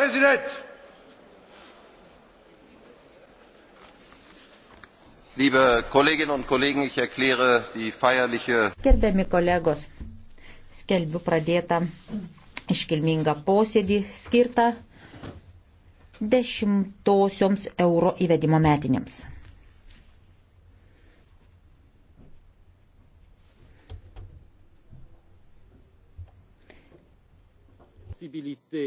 Präsident! Liebe Kolleginnen und Kollegen, ich erkläre die feierliche. Gerbiami kolegos, skelbiu pradėtą iškilmingą posėdį skirtą dešimtosioms euro įvedimo metinėms. possibilité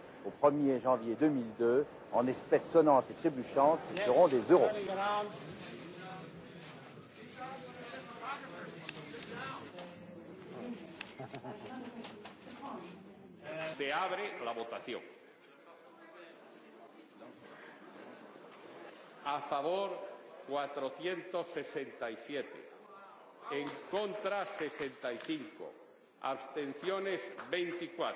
au 1er janvier 2002 en espèces sonnantes et trébuchantes qui seront des euros. Se abre la votación. A favor 467, en contra 65, abstenciones 24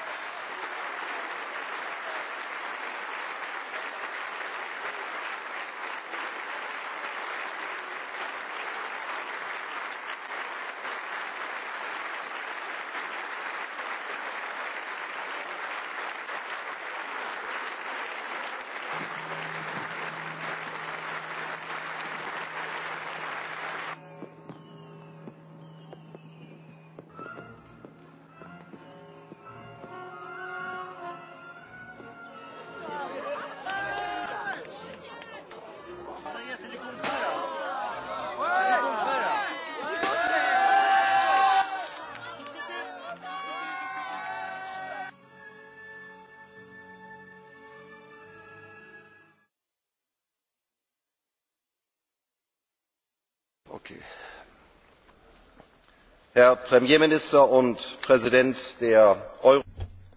herr premierminister und präsident der euro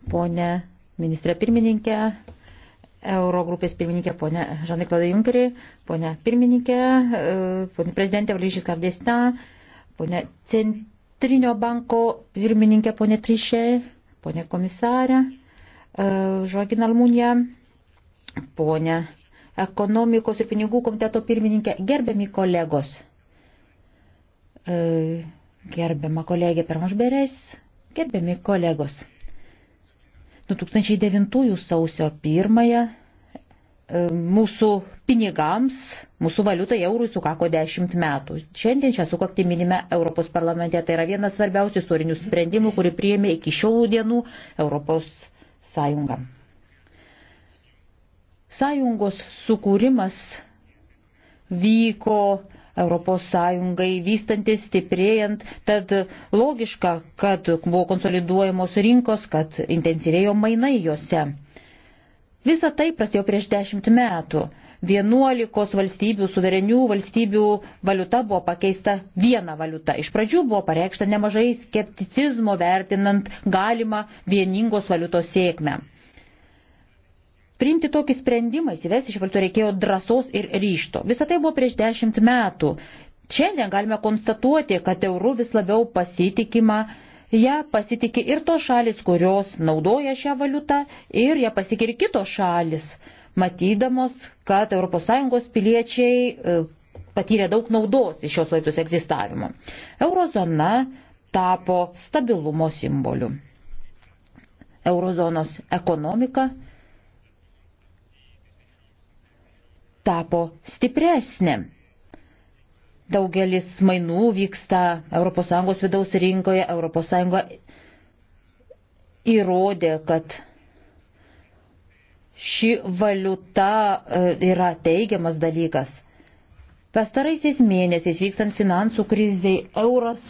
Pone ministrė pirmininkė, Eurogrupės pirmininkė ponė Žanai Klaudai Junkerį, ponė pirmininkė, e, ponė prezidentė Valyžys Kavdėsna, ponė Centrinio banko pirmininkė ponė Trišė, ponė komisarė, Žogin e, Almunija, ponė ekonomikos ir pinigų komiteto pirmininkė, gerbiami kolegos. E, Gerbiama kolegė Permažberės, gerbiami kolegos. 2009 sausio 1 e, mūsų pinigams, mūsų valiutai eurui sukako 10 metų. Šiandien šią sukaktį minime Europos parlamente. Tai yra vienas svarbiausių istorinių sprendimų, kurį priėmė iki šių dienų Europos sąjunga. Sąjungos sukūrimas vyko ES vystantis, stiprėjant, tad logiška, kad buvo konsoliduojamos rinkos, kad intensyvėjo mainai juose. Visa tai prasidėjo prieš dešimt metų. 11 valstybių, suverenių valstybių valiuta buvo pakeista viena valiuta. Iš pradžių buvo pareikšta nemažai skepticizmo vertinant galimą vieningos valiutos sėkmę. Priimti tokį sprendimą, įsivesti švarto reikėjo drąsos ir ryšto. Visą tai buvo prieš dešimt metų. Šiandien galime konstatuoti, kad eurų vis labiau pasitikima, ją pasitikė ir tos šalis, kurios naudoja šią valiutą, ir ją pasitikė ir kitos šalis, matydamos, kad ES piliečiai e, patyrė daug naudos iš šios valiutos egzistavimo. Eurozona tapo stabilumo simboliu. Eurozonos ekonomika tapo stipresnė. Daugelis mainų vyksta ES vidaus rinkoje, ES įrodė, kad ši valiuta e, yra teigiamas dalykas. Pastaraisiais mėnesiais vykstant finansų kriziai euras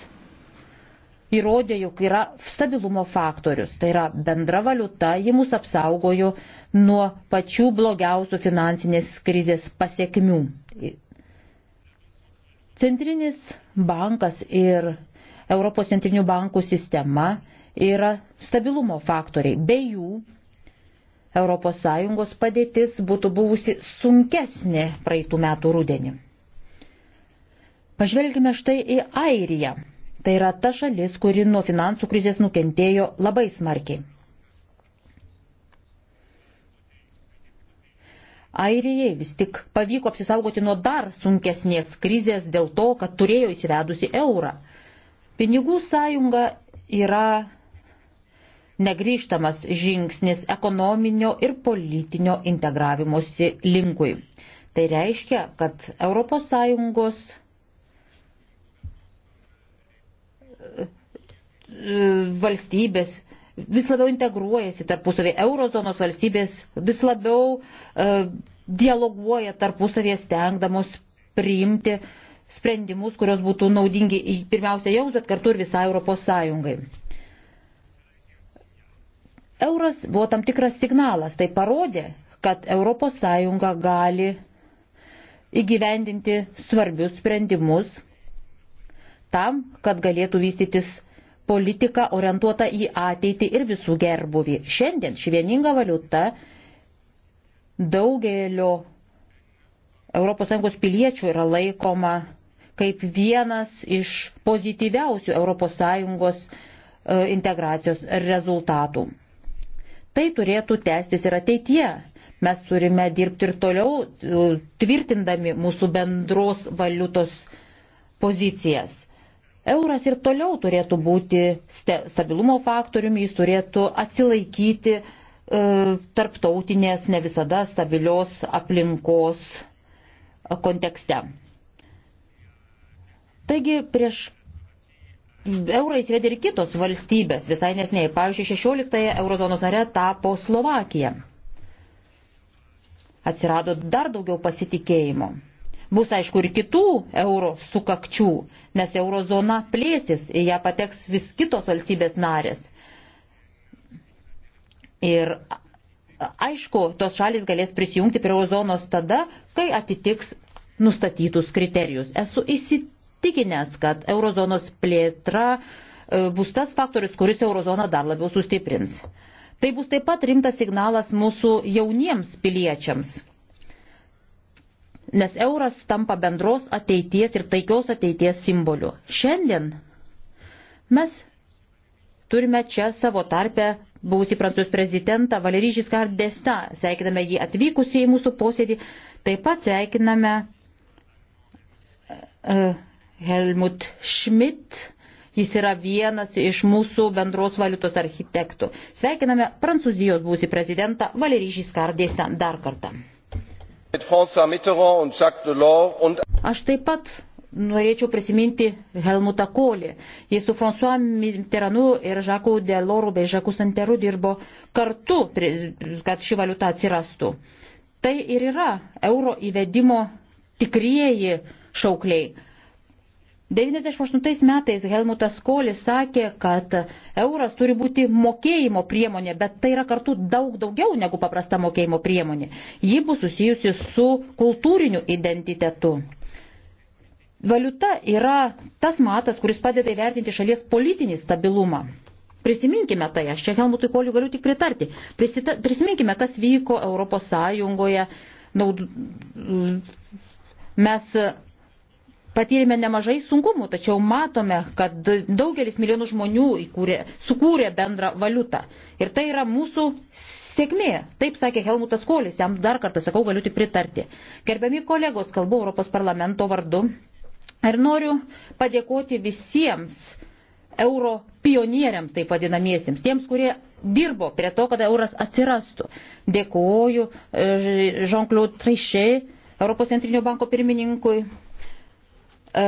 įrodė, jog yra stabilumo faktorius. Tai yra bendra valiuta, ji mus apsaugojo nuo pačių blogiausių finansinės krizės pasiekmių. Centrinis bankas ir Europos centrinių bankų sistema yra stabilumo faktoriai. Be jų ES padėtis būtų buvusi sunkesnė praeitų metų rudenį. Pažvelgime štai į Airiją Tai yra ta šalis, kuri nuo finansų krizės nukentėjo labai smarkiai. Airijai vis tik pavyko apsisaugoti nuo dar sunkesnės krizės dėl to, kad turėjo įsivedusi eurą. Pinigų sąjunga yra negryžtamas žingsnis ekonominio ir politinio integravimosi linkui. Tai reiškia, kad ES valstybės vis labiau integruojasi tarpusavį, eurozonos valstybės vis labiau e, dialoguoja tarpusavėje stengdamos priimti sprendimus, kurios būtų naudingi pirmiausia jums, bet kartu ir visai Europos Sąjungai. Euras buvo tam tikras signalas, tai parodė, kad Europos Sąjunga gali įgyvendinti svarbius sprendimus tam, kad galėtų vystytis politiką orientuotą į ateitį ir visų gerbuvį. Šiandien ši vieninga valiuta daugelio ES piliečių yra laikoma kaip vienas iš pozityviausių ES e, integracijos rezultatų. Tai turėtų tęstis ir ateitie. Mes turime dirbti ir toliau, e, tvirtindami mūsų bendros valiutos pozicijas. Euras ir toliau turėtų būti stabilumo faktoriumi, jis turėtų atsilaikyti e, tarptautinės ne visada stabilios aplinkos kontekste. Taigi prieš eurą įsivedė ir kitos valstybės visai nesnei. Pavyzdžiui, 16-ąją eurozonos nare tapo Slovakija. Atsirado dar daugiau pasitikėjimo. Bus aišku ir kitų euro sukakčių, nes eurozona plėsis, į ją pateks vis kitos valstybės narės. Ir aišku, tos šalis galės prisijungti prie eurozonos tada, kai atitiks nustatytus kriterijus. Esu įsitikinęs, kad eurozonos plėtra e, bus tas faktorius, kuris eurozoną dar labiau sustiprins. Tai bus taip pat rimtas signalas mūsų jauniems piliečiams nes euras tampa bendros ateities ir taikios ateities simboliu. Šiandien mes turime čia savo tarpę buvusi prancūzijos prezidentą Valerį Žiskard Desta. Sveikiname jį atvykusį į mūsų posėdį. Taip pat sveikiname e, Helmut Schmidt. Jis yra vienas iš mūsų bendros valiutos architektų. Sveikiname Prancūzijos būsį prezidentą Valerį Žiskardėsą dar kartą. Aš taip pat norėčiau prisiminti Helmutą Kolį. Jis su François Mitterrandu ir Žaku Deloru bei Žaku Santeru dirbo kartu, kad ši valiuta atsirastų. Tai ir yra euro įvedimo tikrieji šaukliai 98 metais Helmutas Kolis sakė, kad euras turi būti mokėjimo priemonė, bet tai yra kartu daug daugiau negu paprasta mokėjimo priemonė. Ji bus susijusi su kultūriniu identitetu. Valiuta yra tas matas, kuris padeda įvertinti šalies politinį stabilumą. Prisiminkime tai, aš čia Helmutui Koliu galiu tik pritarti. Prisita, prisiminkime, kas vyko Europos Sąjungoje. Naud, mes patyrėme nemažai sunkumų, tačiau matome, kad daugelis milijonų žmonių įkūrė, sukūrė bendrą valiutą. Ir tai yra mūsų sėkmė. Taip sakė Helmutas Kolis, jam dar kartą sakau, galiu tik pritarti. Gerbiami kolegos, kalbu Europos parlamento vardu. Ir noriu padėkoti visiems euro pionieriams, taip vadinamiesiems, tiems, kurie dirbo prie to, kad euras atsirastų. Dėkuoju e, Jean-Claude Trichet, Europos centrinio banko pirmininkui, E,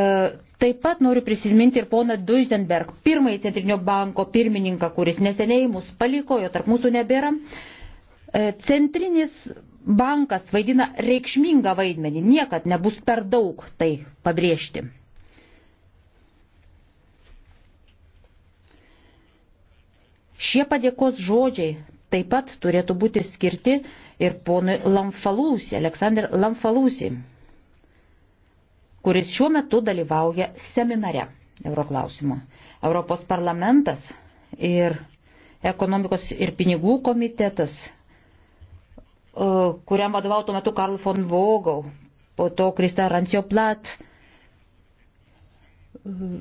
taip pat noriu prisiminti ir poną Duisenberg, pirmąjį Centrinio banko pirmininką, kuris neseniai mus paliko, jo tarp mūsų nebėra. E, centrinis bankas vaidina reikšmingą vaidmenį, niekad nebus per daug tai pabrėžti. Šie padėkos žodžiai taip pat turėtų būti skirti ir ponui Lamfalūsi, Aleksandr Lamfalūsi kuris šiuo metu dalyvauja seminare Euroklausimo. Europos parlamentas ir ekonomikos ir pinigų komitetas, e, kuriam vadovautų metu Karl von Vogau, po to Krista Rancijo Plat, e,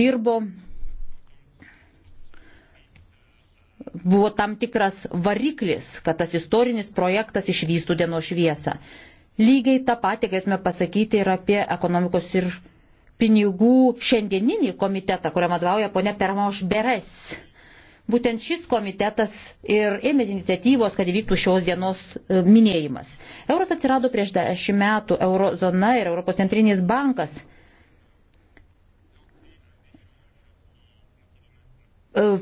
dirbo, buvo tam tikras variklis, kad tas istorinis projektas išvystų dienos šviesą. Lygiai tą patį galėtume pasakyti ir apie ekonomikos ir pinigų šiandieninį komitetą, kuriam atvauja ponia Permauš Beres. Būtent šis komitetas ir ėmėsi iniciatyvos, kad įvyktų šios dienos e, minėjimas. Euras atsirado prieš dešimt metų, eurozona ir Europos centrinis bankas e,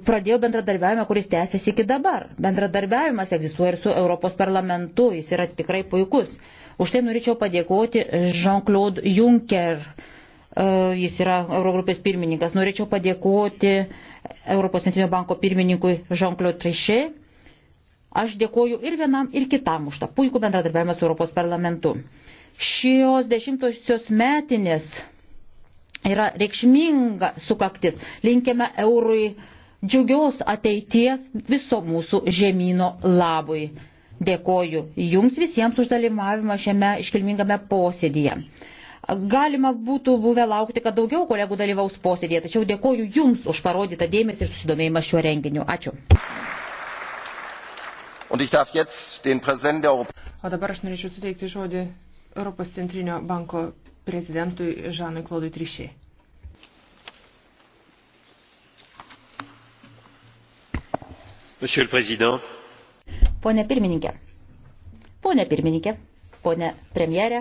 pradėjo bendradarbiavimą, kuris tęsiasi iki dabar. Bendradarbiavimas egzistuoja ir su Europos parlamentu, jis yra tikrai puikus. Už tai norėčiau padėkoti Jean-Claude Juncker, e, jis yra Eurogrupės pirmininkas. Norėčiau padėkoti Europos Centrinio banko pirmininkui Jean-Claude Trichet. Aš dėkoju ir vienam, ir kitam už tą puikų bendradarbiavimą su Europos parlamentu. Šios dešimtosios metinės yra reikšminga sukaktis. Linkime eurui džiugios ateities viso mūsų žemynų labui. Dėkoju jums visiems už dalyvavimą šiame iškilmingame posėdyje. Galima būtų buvę laukti, kad daugiau kolegų dalyvaus posėdėje, tačiau dėkoju Jums už parodytą dėmesį ir susidomėjimą šiuo renginiu. Ačiū. O dabar aš norėčiau suteikti žodį Europos centrinio banko prezidentui Žanui Klodui Trišiai. Monsieur le Président, Pone pirmininkė. Pone pirmininkė, pone premjerė,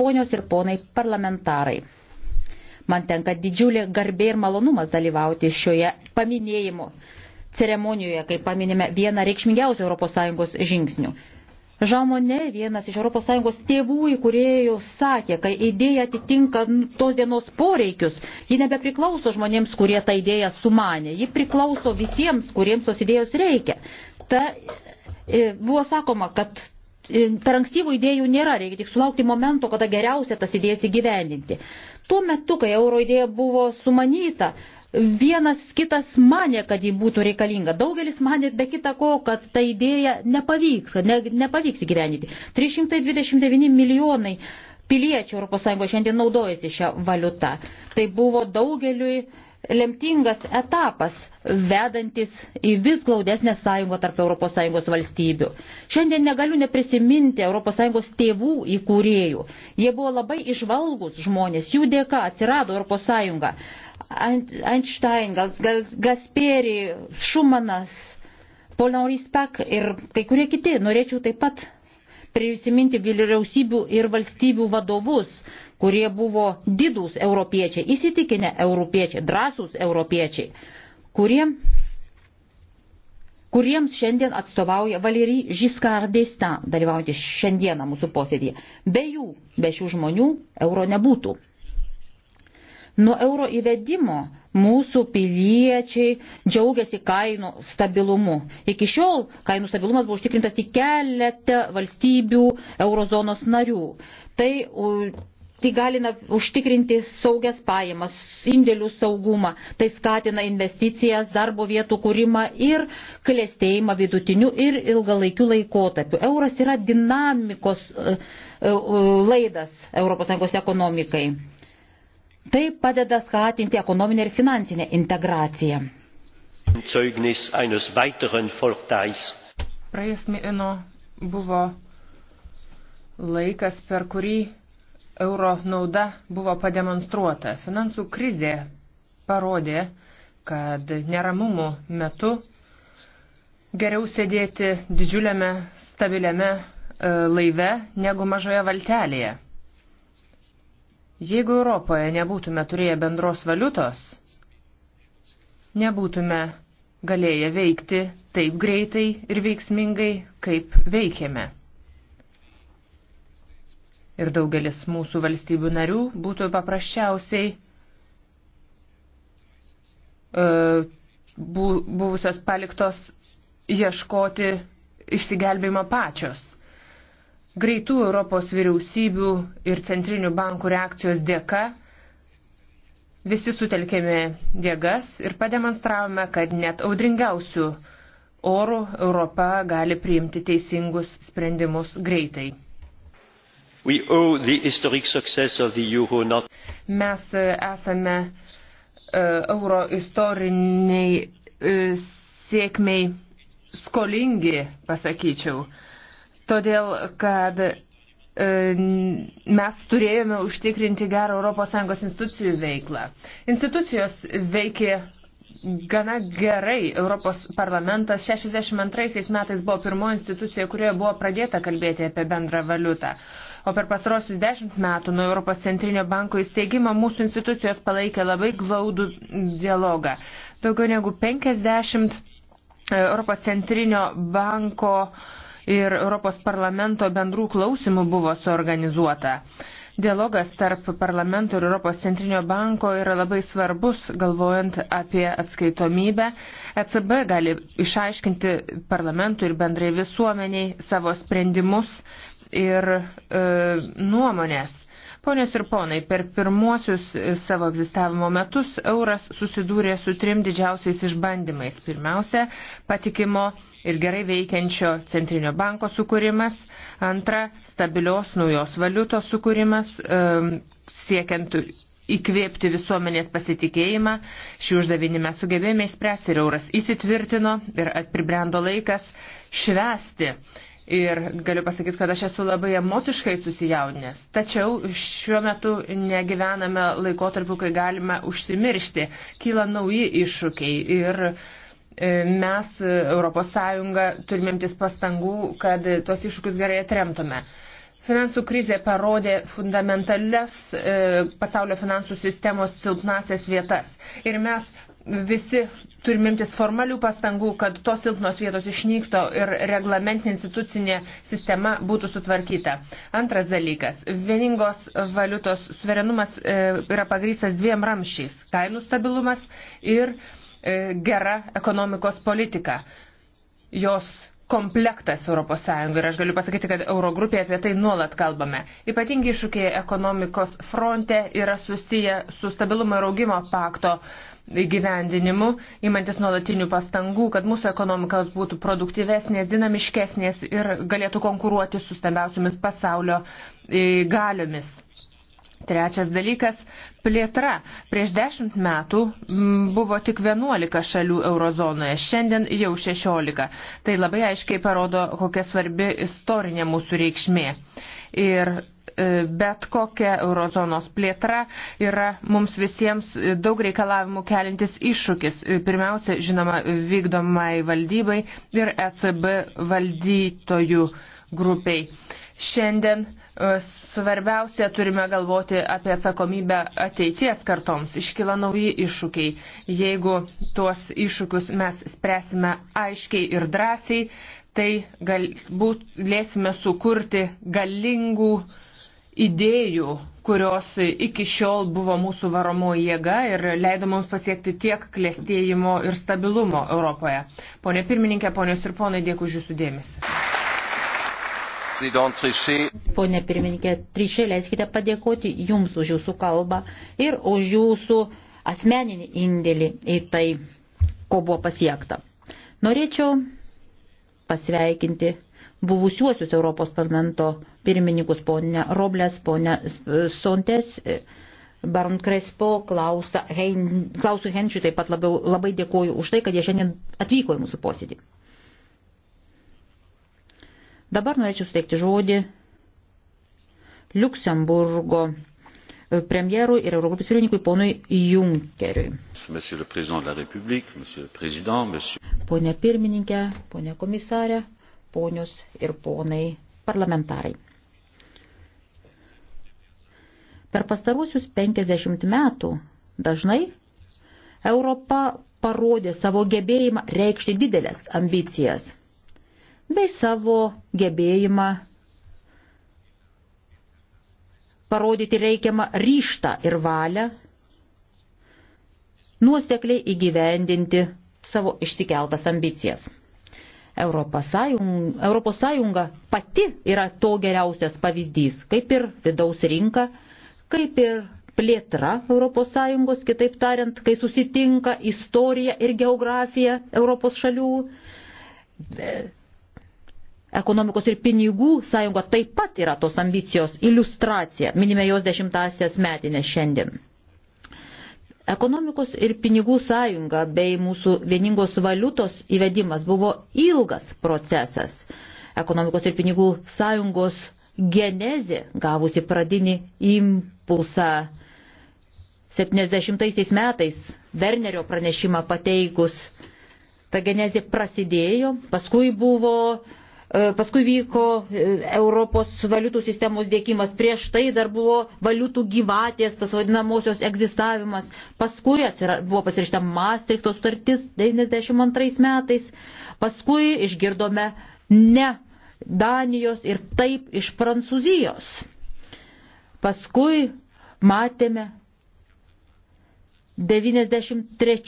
ponios ir ponai parlamentarai. Man tenka didžiulė garbė ir malonumas dalyvauti šioje paminėjimo ceremonijoje, kai paminime vieną reikšmingiausių ES žingsnių. Žamone, vienas iš ES tėvų įkūrėjų, sakė, kai idėja atitinka tos dienos poreikius, ji nebepriklauso žmonėms, kurie tą idėją sumanė, ji priklauso visiems, kuriems tos idėjos reikia. Ta E, buvo sakoma, kad e, per ankstyvų idėjų nėra, reikia tik sulaukti momento, kada geriausia tas idėjas įgyvendinti. Tuo metu, kai euro idėja buvo sumanyta, vienas kitas manė, kad ji būtų reikalinga. Daugelis manė be kita ko, kad ta idėja nepavyks, ne, nepavyks įgyvendinti. 329 milijonai piliečių ES šiandien naudojasi šią valiutą. Tai buvo daugeliui lemtingas etapas, vedantis į vis glaudesnę sąjungą tarp ES valstybių. Šiandien negaliu neprisiminti ES tėvų įkūrėjų. Jie buvo labai išvalgus žmonės, jų dėka atsirado ES. Einšteingas, Gasperi, Šumanas, Polnauris Pek ir kai kurie kiti. Norėčiau taip pat prisiminti vyriausybių ir valstybių vadovus, kurie buvo didūs europiečiai, įsitikinę europiečiai, drąsūs europiečiai, kurie, kuriems šiandien atstovauja Valery Žiskar Deista, dalyvaujantis šiandieną mūsų posėdėje. Be jų, be šių žmonių, euro nebūtų. Nuo euro įvedimo mūsų piliečiai džiaugiasi kainų stabilumu. Iki šiol kainų stabilumas buvo užtikrintas tik keletą valstybių eurozonos narių. Tai tai galina užtikrinti saugias pajamas, indėlių saugumą, tai skatina investicijas, darbo vietų kūrimą ir klėstėjimą vidutiniu ir ilgalaikiu laikotarpiu. Euras yra dinamikos e, e, e, laidas ES ekonomikai. Tai padeda skatinti ekonominę ir finansinę integraciją. Praėjus mėno buvo laikas, per kurį euro nauda buvo pademonstruota. Finansų krizė parodė, kad neramumų metu geriau sėdėti didžiuliame stabiliame e, laive negu mažoje valtelėje. Jeigu Europoje nebūtume turėję bendros valiutos, nebūtume galėję veikti taip greitai ir veiksmingai, kaip veikėme ir daugelis mūsų valstybių narių būtų paprasčiausiai uh, bu, buvusios paliktos ieškoti išsigelbėjimo pačios. Greitų Europos vyriausybių ir centrinių bankų reakcijos dėka visi sutelkėme jėgas ir pademonstravome, kad net audringiausių orų Europa gali priimti teisingus sprendimus greitai. Euro, Mes e, esame e, euro istoriniai e, sėkmiai skolingi, pasakyčiau. Todėl, kad mes turėjome užtikrinti gerą ES institucijų veiklą. Institucijos veikė gana gerai. Europos parlamentas 62 metais buvo pirmoji institucija, kurioje buvo pradėta kalbėti apie bendrą valiutą. O per pastarosius dešimt metų nuo Europos centrinio banko įsteigimo mūsų institucijos palaikė labai glaudų dialogą. Daugiau negu 50 e, Europos centrinio banko ir Europos parlamento bendrų klausimų buvo suorganizuota. Dialogas tarp parlamento ir Europos centrinio banko yra labai svarbus, galvojant apie atskaitomybę. ECB gali išaiškinti parlamentui ir bendrai visuomeniai savo sprendimus ir e, nuomonės. Ponės ir ponai, per pirmuosius e, savo egzistavimo metus euras susidūrė su trim didžiausiais išbandymais. Pirmiausia, patikimo ir gerai veikiančio centrinio banko sukūrimas. Antra, stabilios naujos valiutos sukūrimas, e, siekiant įkvėpti visuomenės pasitikėjimą. Šį uždavinį mes sugebėjome išspręsti ir euras įsitvirtino ir pribrendo laikas švesti Ir galiu pasakyti, kad aš esu labai emociškai susijaudinęs. Tačiau šiuo metu negyvename laikotarpiu, kai galime užsimiršti. Kyla nauji iššūkiai ir e, mes, ES, turime imtis pastangų, kad tos iššūkius gerai atremtume. Finansų krizė parodė fundamentales e, pasaulio finansų sistemos silpnasias vietas. Ir mes visi turime imtis formalių pastangų, kad tos silpnos vietos išnykto ir reglamentinė institucinė sistema būtų sutvarkyta. Antras dalykas. Vieningos valiutos suverenumas e, yra pagrystas dviem ramšiais - kainų stabilumas ir e, gera ekonomikos politika. Jos komplektas ES ir aš galiu pasakyti, kad Eurogrupėje apie tai nuolat kalbame. Ypatingi iššūkiai ekonomikos fronte yra susiję su stabilumo ir augimo pakto įgyvendinimu, imantis nuolatinių pastangų, kad mūsų ekonomikas būtų produktyvesnės, dinamiškesnės ir galėtų konkuruoti su stambiausiamis pasaulio e, galiomis. Trečias dalykas - plėtra. Prieš dešimt metų mm, buvo tik 11 šalių eurozonoje, šiandien jau 16. Tai labai aiškiai parodo, kokia svarbi istorinė mūsų reikšmė. Ir e, bet kokia eurozonos plėtra yra mums visiems e, daug reikalavimų kelintis iššūkis. E, pirmiausia, žinoma, vykdomai valdybai ir ECB valdytojų grupiai. Šiandien Svarbiausia, turime galvoti apie atsakomybę ateities kartoms. Iškyla nauji iššūkiai. Jeigu tuos iššūkius mes spręsime aiškiai ir drąsiai, tai galbūt lėsime sukurti galingų idėjų, kurios iki šiol buvo mūsų varomo jėga ir leido mums pasiekti tiek klėstėjimo ir stabilumo Europoje. Pone pirmininkė, ponios ir ponai, dėkui už jūsų dėmesį. Pone pirmininkė Trišė, leiskite padėkoti Jums už Jūsų kalbą ir už Jūsų asmeninį indėlį į tai, ko buvo pasiekta. Norėčiau pasveikinti buvusiuosius Europos parlamento pirmininkus ponę Robles, ponę Sontes, Baron Krespo, Klausą Henčių, taip pat labiau, labai dėkoju už tai, kad jie šiandien atvyko į mūsų posėdį. Dabar norėčiau suteikti žodį Luksemburgo premjerui ir Eurogrupės pirmininkui ponui Junkeriui. Pone pirmininkė, pone komisarė, ponios ir ponai parlamentarai. Per pastarusius 50 metų dažnai Europa parodė savo gebėjimą reikšti didelės ambicijas – bei savo gebėjimą parodyti reikiamą ryštą ir valią, nuosekliai įgyvendinti savo išsikeltas ambicijas. Europos Sąjunga, Europos Sąjunga pati yra to geriausias pavyzdys, kaip ir vidaus rinka, kaip ir plėtra Europos Sąjungos, kitaip tariant, kai susitinka istorija ir geografija Europos šalių, ekonomikos ir pinigų sąjunga taip pat yra tos ambicijos iliustracija, minime jos dešimtasias metinės šiandien. Ekonomikos ir pinigų sąjunga bei mūsų vieningos valiutos įvedimas buvo ilgas procesas. Ekonomikos ir pinigų sąjungos genezė gavusi pradinį impulsą 70 metais Bernerio pranešimą pateikus. Ta genezė prasidėjo, paskui buvo E, paskui vyko e, Europos valiutų sistemos dėkimas, prieš tai dar buvo valiutų gyvatės, tas vadinamosios egzistavimas, paskui atsira, buvo pasirašyta Maastrichto sutartis 92 metais, paskui išgirdome ne Danijos ir taip iš Prancūzijos. Paskui matėme 93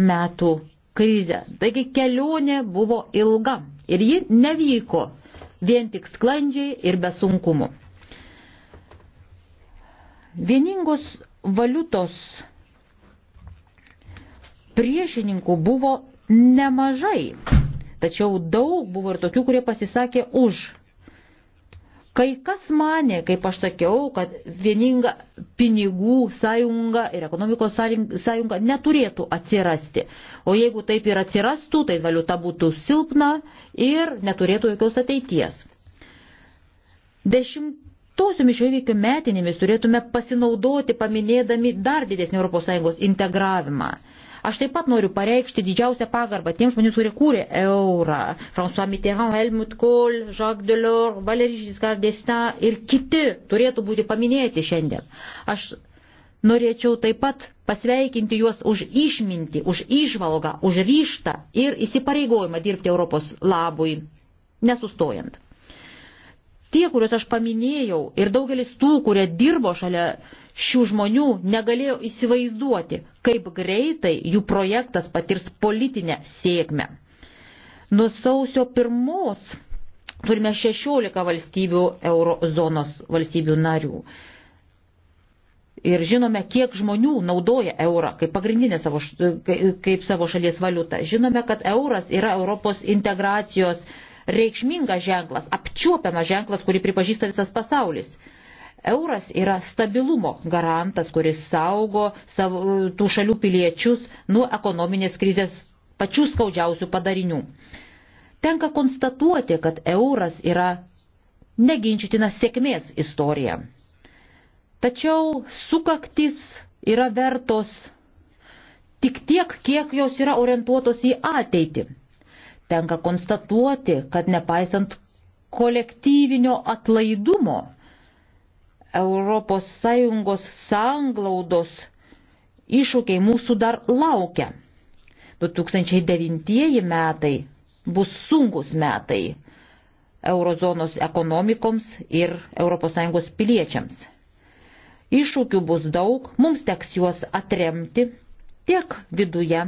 metų krizę. Taigi kelionė buvo ilga. Ir ji nevyko vien tik sklandžiai ir be sunkumų. Vieningos valiutos priešininkų buvo nemažai, tačiau daug buvo ir tokių, kurie pasisakė už Kai kas mane, kaip aš sakiau, kad vieninga pinigų sąjunga ir ekonomikos sąjunga neturėtų atsirasti. O jeigu taip ir atsirastų, tai valiuta būtų silpna ir neturėtų jokios ateities. Dešimtosiomis šio įvykio metinėmis turėtume pasinaudoti paminėdami dar didesnį ES integravimą. Aš taip pat noriu pareikšti didžiausią pagarbą tiems žmonėms, kurie kūrė eurą. François Mitterrand, Helmut Kohl, Jacques Delors, Valéry Giscard d'Estaing ir kiti turėtų būti paminėti šiandien. Aš norėčiau taip pat pasveikinti juos už išmintį, už išvalgą, už ryštą ir įsipareigojimą dirbti Europos labui, nesustojant. Tie, kuriuos aš paminėjau ir daugelis tų, kurie dirbo šalia šių žmonių negalėjo įsivaizduoti, kaip greitai jų projektas patirs politinę sėkmę. Nuo sausio pirmos turime 16 valstybių eurozonos valstybių narių. Ir žinome, kiek žmonių naudoja eurą kaip pagrindinę savo, kaip savo šalies valiutą. Žinome, kad euras yra Europos integracijos reikšmingas ženklas, apčiuopiamas ženklas, kurį pripažįsta visas pasaulis. Euras yra stabilumo garantas, kuris saugo savo, tų šalių piliečius nuo ekonominės krizės pačių skaudžiausių padarinių. Tenka konstatuoti, kad euras yra neginčitina sėkmės istorija. Tačiau sukaktys yra vertos tik tiek, kiek jos yra orientuotos į ateitį. Tenka konstatuoti, kad nepaisant kolektyvinio atlaidumo, ES sanglaudos iššūkiai mūsų dar laukia. 2009 metai bus sunkus metai eurozonos ekonomikoms ir ES piliečiams. Iššūkių bus daug, mums teks juos atremti tiek viduje,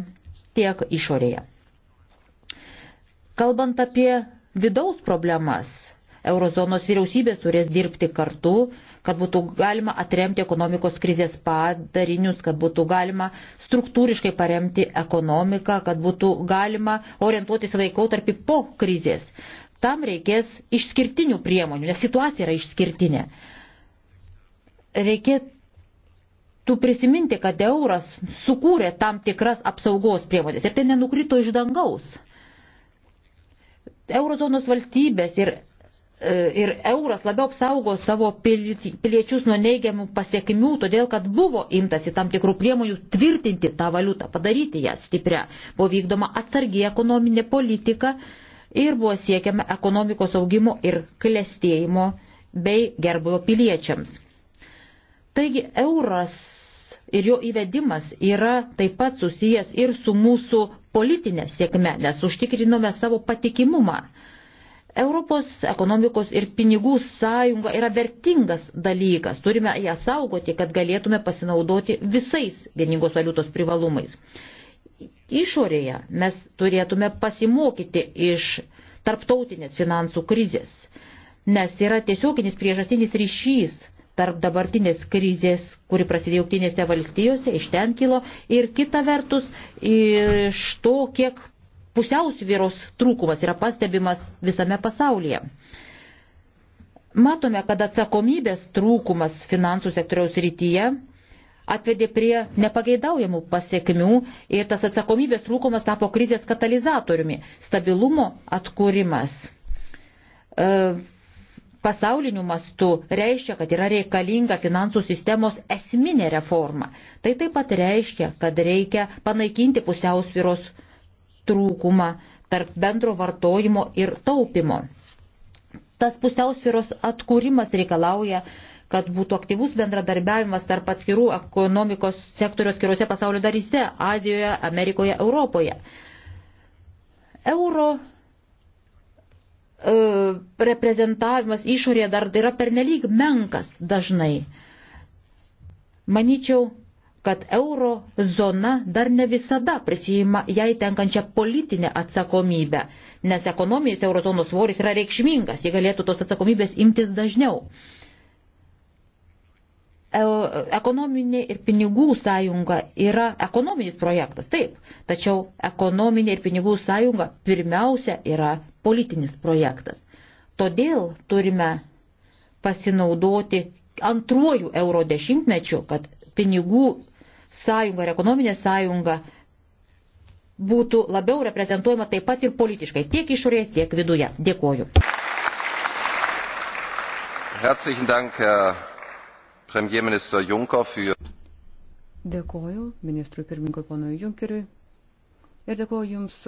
tiek išorėje. Kalbant apie vidaus problemas, Eurozonos vyriausybės turės dirbti kartu, kad būtų galima atremti ekonomikos krizės padarinius, kad būtų galima struktūriškai paremti ekonomiką, kad būtų galima orientuotis laikotarpį po krizės. Tam reikės išskirtinių priemonių, nes situacija yra išskirtinė. Reikėtų tu prisiminti, kad euras sukūrė tam tikras apsaugos priemonės ir tai nenukrito iš dangaus. Eurozonos valstybės ir E, ir euras labiau apsaugo savo piliečius nuo neigiamų pasiekmių, todėl kad buvo imtasi tam tikrų priemonių tvirtinti tą valiutą, padaryti ją stiprią. Buvo vykdoma atsargiai ekonominė politika ir buvo siekiama ekonomikos augimo ir klestėjimo bei gerbojo piliečiams. Taigi euras ir jo įvedimas yra taip pat susijęs ir su mūsų politinė sėkme, nes užtikrinome savo patikimumą Europos ekonomikos ir pinigų sąjunga yra vertingas dalykas. Turime ją saugoti, kad galėtume pasinaudoti visais vieningos valiutos privalumais. Išorėje mes turėtume pasimokyti iš tarptautinės finansų krizės, nes yra tiesioginis priežastinis ryšys tarp dabartinės krizės, kuri prasidėjo jungtinėse valstijose, iš ten kilo, ir kita vertus iš to, kiek pusiausvyros trūkumas yra pastebimas visame pasaulyje. Matome, kad atsakomybės trūkumas finansų sektoriaus rytyje atvedė prie nepageidaujamų pasiekmių ir tas atsakomybės trūkumas tapo krizės katalizatoriumi - stabilumo atkūrimas. E, pasauliniu mastu reiškia, kad yra reikalinga finansų sistemos esminė reforma. Tai taip pat reiškia, kad reikia panaikinti pusiausviros trūkumą tarp bendro vartojimo ir taupimo. Tas pusiausvyros atkūrimas reikalauja, kad būtų aktyvus bendradarbiavimas tarp atskirų ekonomikos sektorių atskiruose pasaulio daryse - Azijoje, Amerikoje, Europoje. Euro e, reprezentavimas išorėje dar yra pernelyg menkas dažnai. Maničiau, kad euro zona dar ne visada prisijima jai tenkančią politinę atsakomybę, nes ekonominis eurozonos svoris yra reikšmingas, jie galėtų tos atsakomybės imtis dažniau. E, ekonominė ir pinigų sąjunga yra ekonominis projektas, taip, tačiau ekonominė ir pinigų sąjunga pirmiausia yra politinis projektas. Todėl turime pasinaudoti antruoju euro dešimtmečiu, kad pinigų sąjunga ir ekonominė sąjunga būtų labiau reprezentuojama taip pat ir politiškai, tiek išorėje, tiek viduje. Dėkoju. Dėkoju ministrui pirmininkui ponui Junkeriui ir dėkoju Jums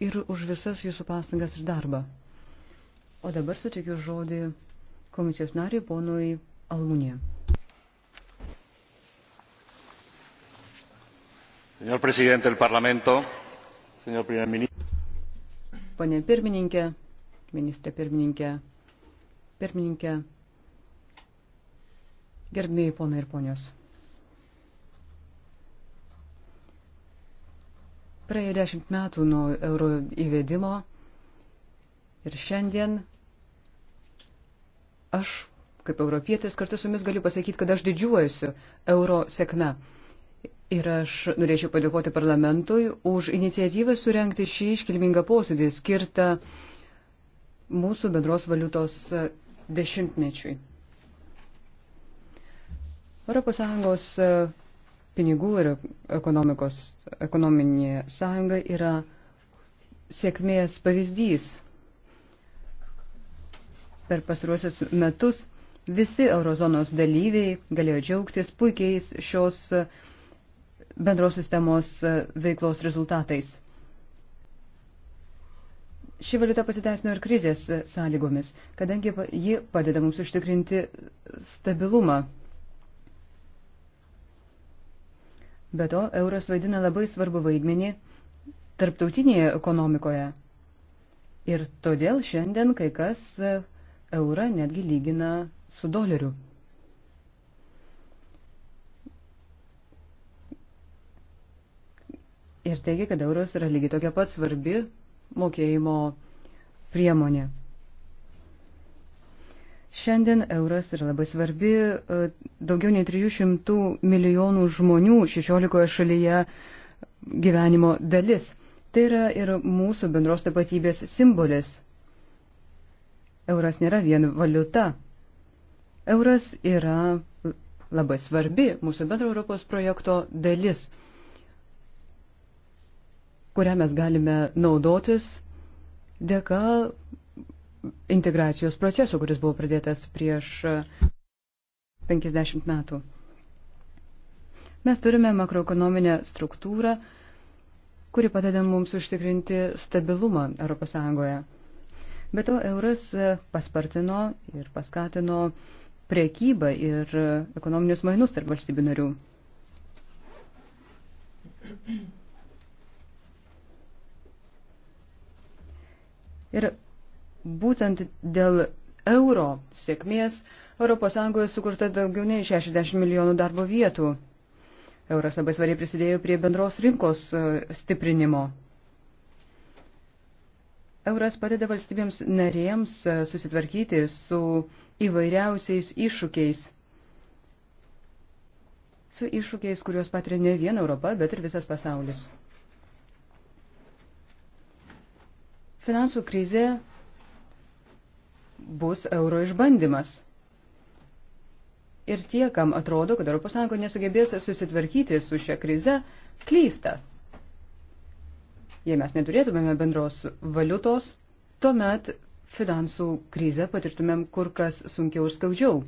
ir už visas Jūsų pastangas ir darbą. O dabar sutikiu žodį komisijos nariui ponui Alūnė. Señor presidente del Parlamento, señor primer ministro. Pone pirmininkė, ministrė pirmininkė, pirmininkė, gerbėjai ponai ir ponios. Praėjo dešimt metų nuo euro įvedimo ir šiandien aš, kaip europietis, kartu su jumis galiu pasakyti, kad aš didžiuojusiu euro sėkme. Ir aš norėčiau padėkoti parlamentui už iniciatyvą surenkti šį iškilmingą posėdį skirtą mūsų bendros valiutos dešimtmečiui. ES e, pinigų ir ekonomikos, ekonominė sąjunga yra sėkmės pavyzdys. Per pasiruosius metus visi eurozonos dalyviai galėjo džiaugtis puikiais šios bendros sistemos e, veiklos rezultatais. Ši valiuta pasiteisino ir krizės e, sąlygomis, kadangi ji padeda mums užtikrinti stabilumą. Be to, euras vaidina labai svarbu vaidmenį tarptautinėje ekonomikoje. Ir todėl šiandien kai kas e, eurą netgi lygina su doleriu. ir teigia, kad euras yra lygiai tokia pat svarbi mokėjimo priemonė. Šiandien euras yra labai svarbi e, daugiau nei 300 milijonų žmonių 16 šalyje gyvenimo dalis. Tai yra ir mūsų bendros tapatybės simbolis. Euras nėra vien valiuta. Euras yra labai svarbi mūsų bendro Europos projekto dalis kurią mes galime naudotis dėka integracijos proceso, kuris buvo pradėtas prieš 50 e, metų. Mes turime makroekonominę struktūrą, kuri padeda mums užtikrinti stabilumą ES. Be to, euras e, paspartino ir paskatino priekybą ir e, ekonominius mainus tarp valstybių narių. Ir būtent dėl euro sėkmės ES sukurta daugiau nei 60 milijonų darbo vietų. Euras labai svariai prisidėjo prie bendros rinkos e, stiprinimo. Euras padeda valstybėms narėms e, susitvarkyti su įvairiausiais iššūkiais. Su iššūkiais, kuriuos patiria ne viena Europa, bet ir visas pasaulis. Finansų krizė bus euro išbandymas. Ir tie, kam atrodo, kad ES nesugebės susitvarkyti su šia krize, klysta. Jei mes neturėtumėme bendros valiutos, tuomet finansų krizę patirtumėm kur kas sunkiau ir skaudžiau.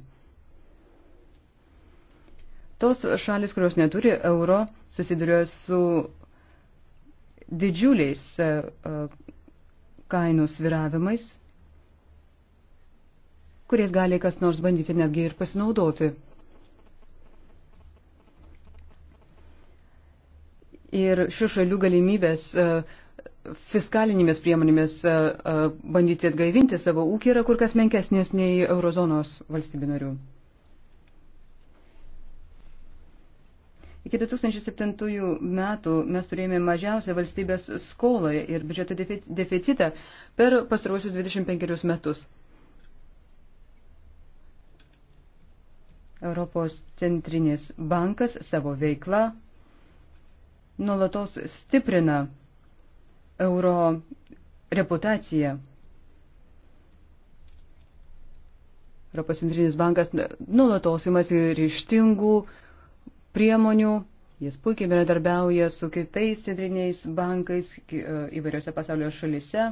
Tos šalis, kurios neturi euro, susiduria su didžiuliais e, kainų sviravimais, kuriais gali kas nors bandyti netgi ir pasinaudoti. Ir šių šalių galimybės e, fiskalinėmis priemonėmis e, e, bandyti atgaivinti savo ūkį yra kur kas menkesnės nei eurozonos valstybių narių. Iki 2007 metų mes turėjome mažiausią valstybės skolą ir biudžeto deficitą per pastaruosius 25 metus. Europos centrinis bankas savo veiklą nuolatos stiprina euro reputaciją. Europos centrinis bankas nuolatos imasi ryštingų priemonių, jis puikiai bendradarbiauja su kitais centriniais bankais e, įvairiose pasaulio šalise.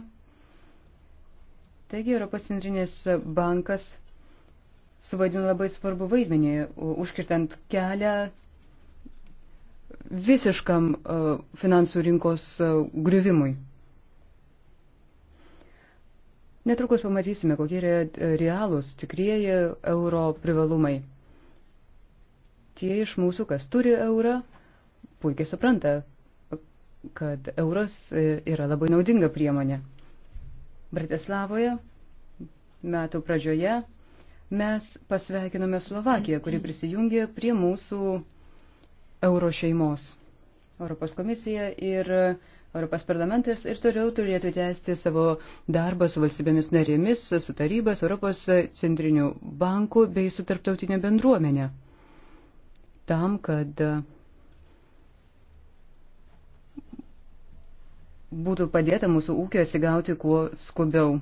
Taigi Europos centrinės bankas suvaidino labai svarbu vaidmenį, užkirtant kelią visiškam e, finansų rinkos e, griuvimui. Netrukus pamatysime, kokie yra realūs, tikrieji euro privalumai tie iš mūsų, kas turi eurą, puikiai supranta, kad euras e, yra labai naudinga priemonė. Bratislavoje metų pradžioje mes pasveikinome Slovakiją, kuri prisijungė prie mūsų euro šeimos. Europos komisija ir Europos parlamentas ir toliau turėtų tęsti savo darbą su valstybėmis narėmis, su tarybas, Europos centriniu banku bei su tarptautinė bendruomenė tam, kad būtų padėta mūsų ūkio atsigauti kuo skubiau.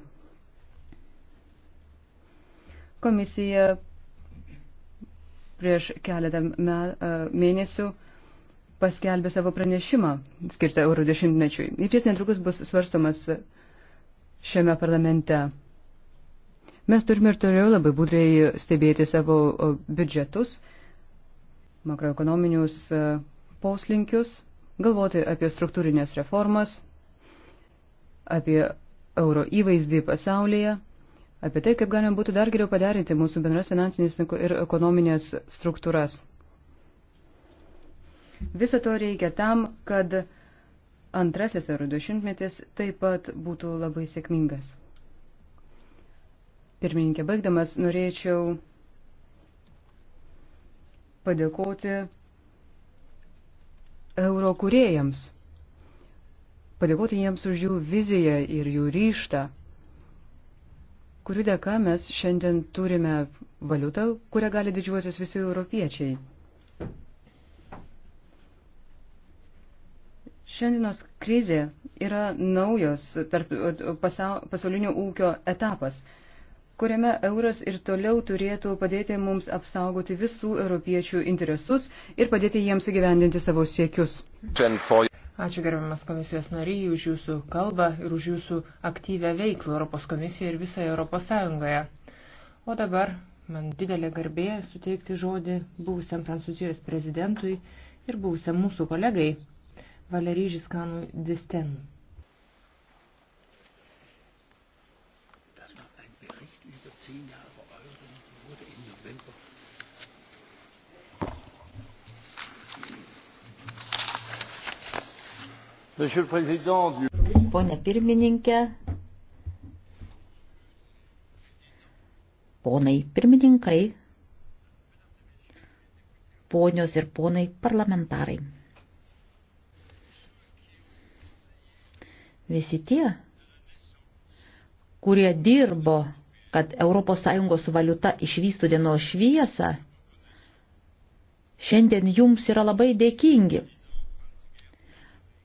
Komisija prieš keletą e, mėnesių paskelbė savo pranešimą skirtą euro dešimtmečiui. Ir jis netrukus bus svarstomas šiame parlamente. Mes turime ir toliau labai būdrai stebėti savo biudžetus makroekonominius e, poslinkius, galvoti apie struktūrinės reformas, apie euro įvaizdį pasaulyje, apie tai, kaip galima būtų dar geriau padarinti mūsų bendras finansinės ir ekonominės struktūras. Viso to reikia tam, kad antrasis eurų dešimtmetis taip pat būtų labai sėkmingas. Pirmininkė, baigdamas, norėčiau padėkoti euro kuriejams, padėkoti jiems už jų viziją ir jų ryštą, kurių dėka mes šiandien turime valiutą, kurią gali didžiuotis visi europiečiai. Šiandienos krizė yra naujos tarp pasaulinių ūkio etapas kuriame euras ir toliau turėtų padėti mums apsaugoti visų europiečių interesus ir padėti jiems įgyvendinti savo siekius. Ačiū gerbiamas komisijos nariai už jūsų kalbą ir už jūsų aktyvę veiklą Europos komisijoje ir visoje Europos Sąjungoje. O dabar man didelė garbė suteikti žodį buvusiam Prancūzijos prezidentui ir buvusiam mūsų kolegai Valerijai Žiskanui Distenu. zehn Jahre Euro wurde im November. Pone pirmininkė, ponai pirmininkai, ponios ir ponai parlamentarai. Visi tie, kurie dirbo kad ES valiuta išvystų dienos šviesą, šiandien jums yra labai dėkingi.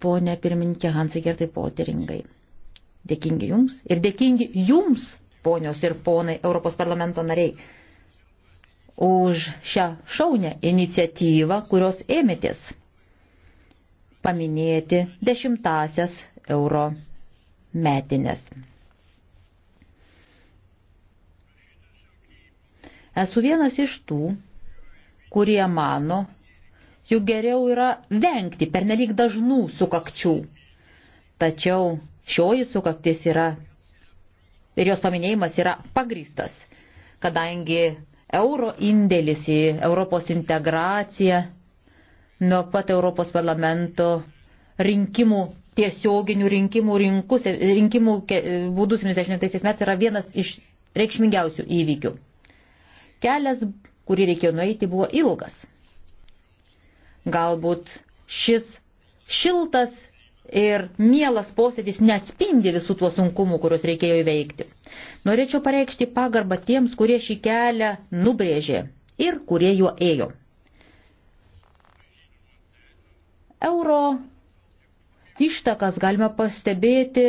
Pone pirmininkė Hansai Gertai Poteringai. Dėkingi jums ir dėkingi jums, ponios ir ponai, Europos parlamento nariai, už šią šaunę iniciatyvą, kurios ėmėtės paminėti dešimtasias euro metinės. Esu vienas iš tų, kurie mano, juk geriau yra vengti pernelyg dažnų sukakčių. Tačiau šioji sukaktis yra ir jos paminėjimas yra pagristas, kadangi euro indėlis į Europos integraciją nuo pat Europos parlamento rinkimų tiesioginių rinkimų, rinkus, rinkimų būdų 70 metais yra vienas iš reikšmingiausių įvykių. Kelias, kurį reikėjo nueiti, buvo ilgas. Galbūt šis šiltas ir mielas posėdis neatspindi visų tuo sunkumų, kuriuos reikėjo įveikti. Norėčiau pareikšti pagarbą tiems, kurie šį kelią nubrėžė ir kurie juo ėjo. Euro ištakas galima pastebėti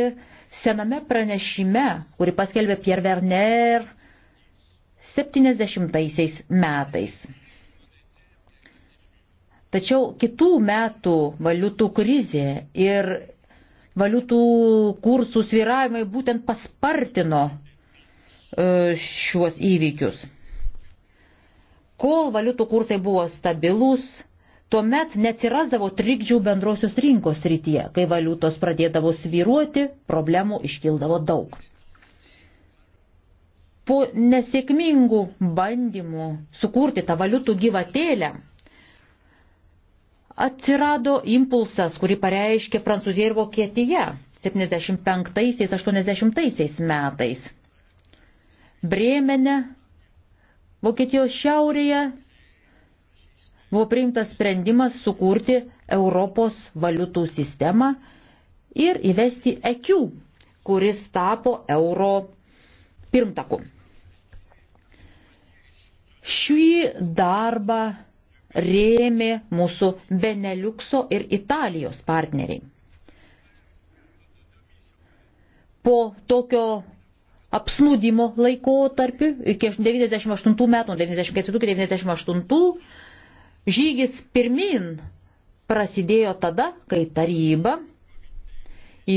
sename pranešime, kurį paskelbė Pierre Werner 70 metais. Tačiau kitų metų valiutų krizė ir valiutų kursų sviravimai būtent paspartino e, šiuos įvykius. Kol valiutų kursai buvo stabilūs, tuomet neatsirasdavo trikdžių bendrosios rinkos rytyje, kai valiutos pradėdavo sviruoti, problemų iškildavo daug. Po nesėkmingų bandymų sukurti tą valiutų gyvatėlę atsirado impulsas, kurį pareiškė Prancūzija ir Vokietija 75-80 metais. Brėmene, Vokietijos šiaurėje, buvo priimtas sprendimas sukurti Europos valiutų sistemą ir įvesti EQ, kuris tapo euro pirmtaku. Šį darbą rėmė mūsų Beneliukso ir Italijos partneriai. Po tokio apsnūdimo laikotarpiu iki 98 metų, 94-98 žygis pirmin prasidėjo tada, kai taryba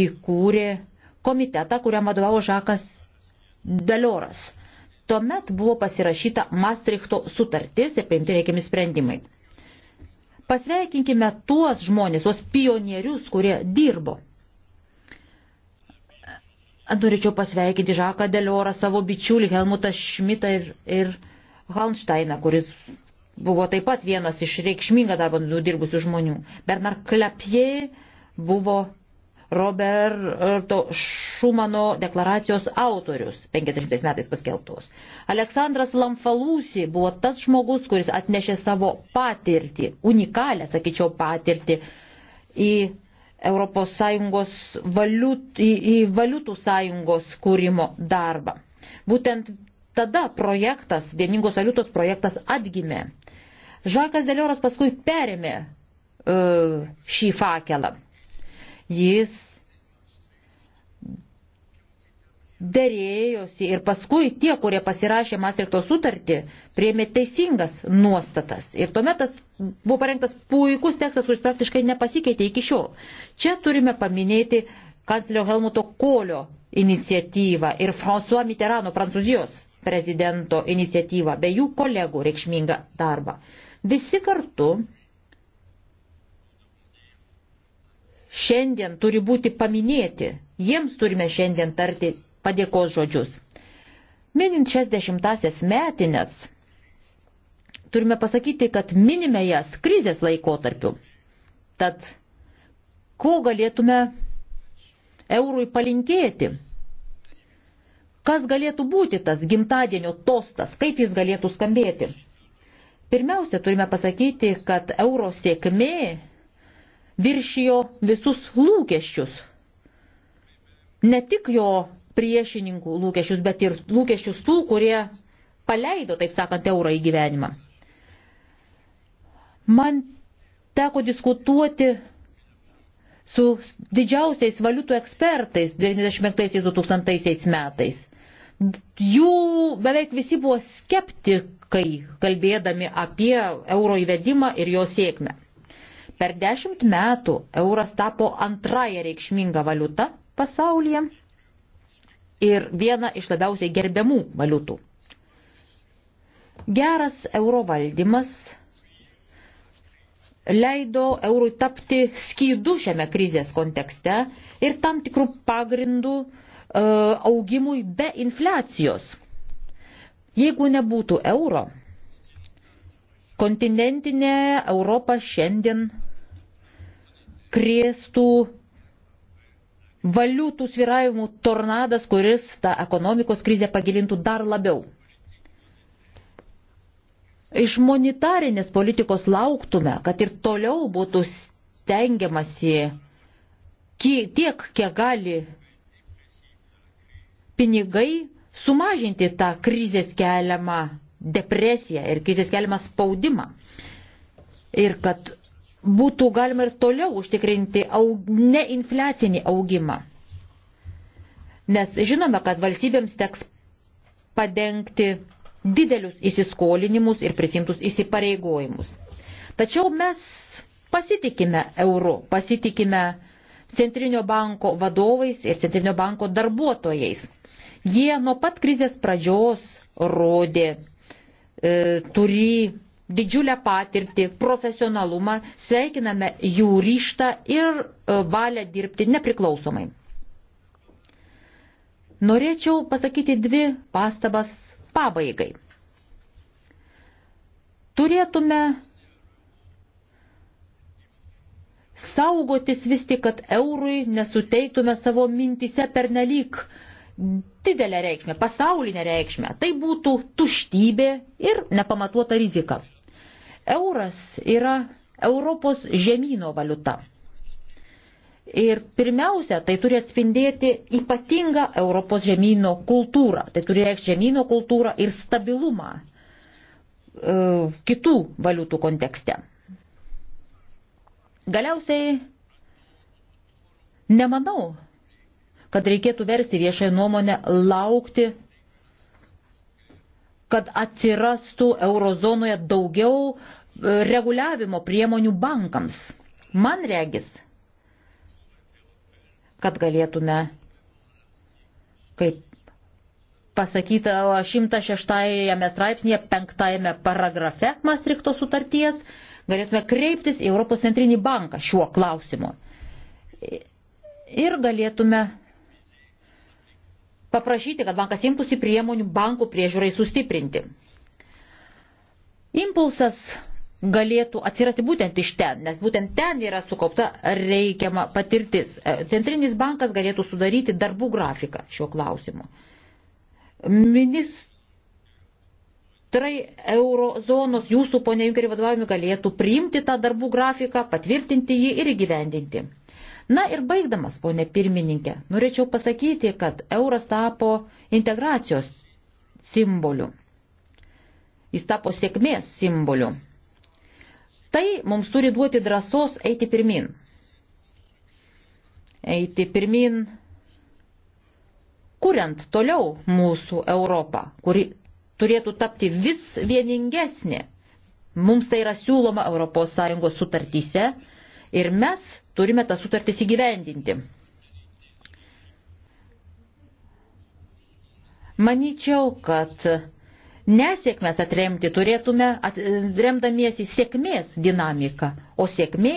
įkūrė komitetą, kuriam vadovavo Žakas Delioras. Tuomet buvo pasirašyta Maastrichto sutartis ir priimti reikiami sprendimai. Pasveikinkime tuos žmonės, tuos pionierius, kurie dirbo. Norėčiau pasveikinti Žaką Deliorą, savo bičiulį Helmutą Šmitą ir, ir Halnšteiną, kuris buvo taip pat vienas iš reikšmingą darbą nudirbusių žmonių. Bernard Klapie buvo Roberto Šumano deklaracijos autorius 50 metais paskelbtos. Aleksandras Lamfalusi buvo tas žmogus, kuris atnešė savo patirtį, unikalią, sakyčiau, patirtį į ES valiut, į, į valiutų sąjungos kūrimo darbą. Būtent tada projektas, vieningos valiutos projektas atgimė. Žakas Delioras paskui perėmė uh, šį fakelą. Jis dėrėjosi ir paskui tie, kurie pasirašė Mastrikto sutartį, prieimė teisingas nuostatas. Ir tuomet tas buvo parengtas puikus tekstas, kuris praktiškai nepasikeitė iki šiol. Čia turime paminėti kanclerio Helmuto Kolio iniciatyvą ir François Mitterrando prancūzijos prezidento iniciatyvą, bei jų kolegų reikšmingą darbą. Visi kartu šiandien turi būti paminėti, jiems turime šiandien tarti padėkos žodžius. Minint 60-asias metinės, turime pasakyti, kad minime jas krizės laikotarpiu. Tad ko galėtume eurui palinkėti? Kas galėtų būti tas gimtadienio tostas, kaip jis galėtų skambėti? Pirmiausia, turime pasakyti, kad euro sėkmė viršijo visus lūkesčius. Ne tik jo priešininkų lūkesčius, bet ir lūkesčius tų, kurie paleido, taip sakant, eurą į gyvenimą. Man teko diskutuoti su didžiausiais valiutų ekspertais 95-2000 metais. Jų beveik visi buvo skeptikai, kalbėdami apie euro įvedimą ir jo sėkmę. Per dešimt metų euras tapo antrąją reikšmingą valiutą pasaulyje ir viena iš labiausiai gerbiamų valiutų. Geras euro valdymas leido eurui tapti skydu šiame krizės kontekste ir tam tikrų pagrindų e, augimui be infliacijos. Jeigu nebūtų euro, kontinentinė Europa šiandien krėstų valiutų sviravimų tornadas, kuris tą ekonomikos krizę pagilintų dar labiau. Iš monetarinės politikos lauktume, kad ir toliau būtų stengiamasi tiek, kiek gali pinigai sumažinti tą krizės keliamą depresiją ir krizės keliamą spaudimą. Ir kad būtų galima ir toliau užtikrinti aug, neinfliacinį augimą. Nes žinome, kad valstybėms teks padengti didelius įsiskolinimus ir prisimtus įsipareigojimus. Tačiau mes pasitikime euru, pasitikime Centrinio banko vadovais ir Centrinio banko darbuotojais. Jie nuo pat krizės pradžios rodė e, turi didžiulę patirtį, profesionalumą, sveikiname jų ryštą ir e, valią dirbti nepriklausomai. Norėčiau pasakyti dvi pastabas pabaigai. Turėtume saugotis vis tik, kad eurui nesuteiktume savo mintise pernelyg didelę reikšmę, pasaulinę reikšmę. Tai būtų tuštybė ir nepamatuota rizika. Euras yra Europos žemynų valiuta. Ir pirmiausia, tai turi atspindėti ypatingą Europos žemynų kultūrą. Tai turi reikšti žemynų kultūrą ir stabilumą e, kitų valiutų kontekste. Galiausiai nemanau, kad reikėtų versti viešai nuomonę laukti, kad atsirastų eurozonoje daugiau reguliavimo priemonių bankams. Man regis, kad galėtume, kaip pasakyta 106 straipsnėje, 5 paragrafe Mastrikto sutarties, galėtume kreiptis į Europos centrinį banką šiuo klausimu. Ir galėtume paprašyti, kad bankas imtųsi priemonių bankų priežiūrai sustiprinti. Impulsas galėtų atsirasti būtent iš ten, nes būtent ten yra sukaupta reikiama patirtis. E, Centrinis bankas galėtų sudaryti darbų grafiką šiuo klausimu. Ministrai eurozonos jūsų, ponia Junkerį vadovavimį, galėtų priimti tą darbų grafiką, patvirtinti jį ir įgyvendinti. Na ir baigdamas, ponė pirmininkė, norėčiau pasakyti, kad euras tapo integracijos simboliu. Jis tapo sėkmės simboliu Tai mums turi duoti drąsos eiti pirmin. Eiti pirmin, kuriant toliau mūsų Europą, kuri turėtų tapti vis vieningesnė. Mums tai yra siūloma ES sutartyse ir mes turime tas sutartis įgyvendinti. Maničiau, kad Nesėkmės atremti turėtume e, remdamiesi sėkmės dinamiką, o sėkmė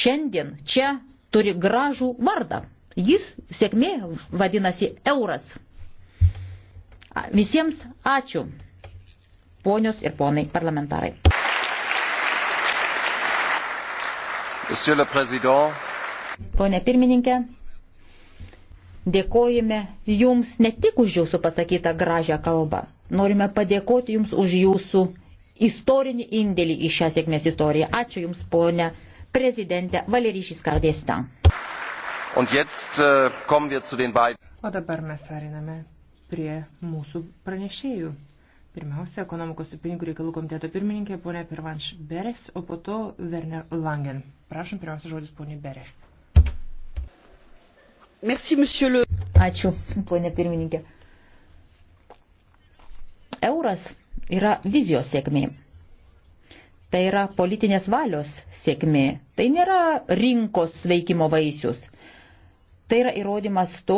šiandien čia turi gražų vardą. Jis sėkmė vadinasi euras. Visiems ačiū, ponios ir ponai parlamentarai. Pone pirmininkė, dėkojame Jums ne tik už Jūsų pasakytą gražią kalbą, Norime padėkoti Jums už Jūsų istorinį indėlį į šią sėkmės istoriją. Ačiū Jums, ponė prezidentė Valeryšys Kardėstan. Äh, o dabar mes periname prie mūsų pranešėjų. Pirmiausia, ekonomikos ir pinigų reikalų komiteto pirmininkė ponė Pirvanš Beres, o po to Werner Langen. Prašom, pirmiausia žodis ponė Beres. Merci, monsieur le... Ačiū, ponė pirmininkė. Euras yra vizijos sėkmė. Tai yra politinės valios sėkmė. Tai nėra rinkos veikimo vaisius. Tai yra įrodymas to,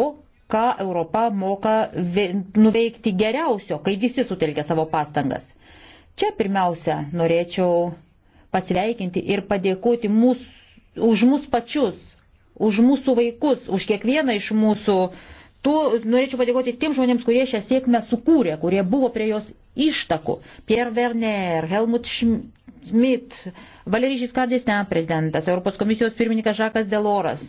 ką Europa moka nuveikti geriausio, kai visi sutelkia savo pastangas. Čia pirmiausia norėčiau pasveikinti ir padėkoti mūsų, už mus pačius, už mūsų vaikus, už kiekvieną iš mūsų uh, kartu norėčiau padėkoti tiem žmonėms, kurie šią sėkmę sukūrė, kurie buvo prie jos ištakų. Pierre Werner, Helmut Schmidt, Valerijus Žiskardėsne, prezidentas, Europos komisijos pirmininkas Žakas Deloras,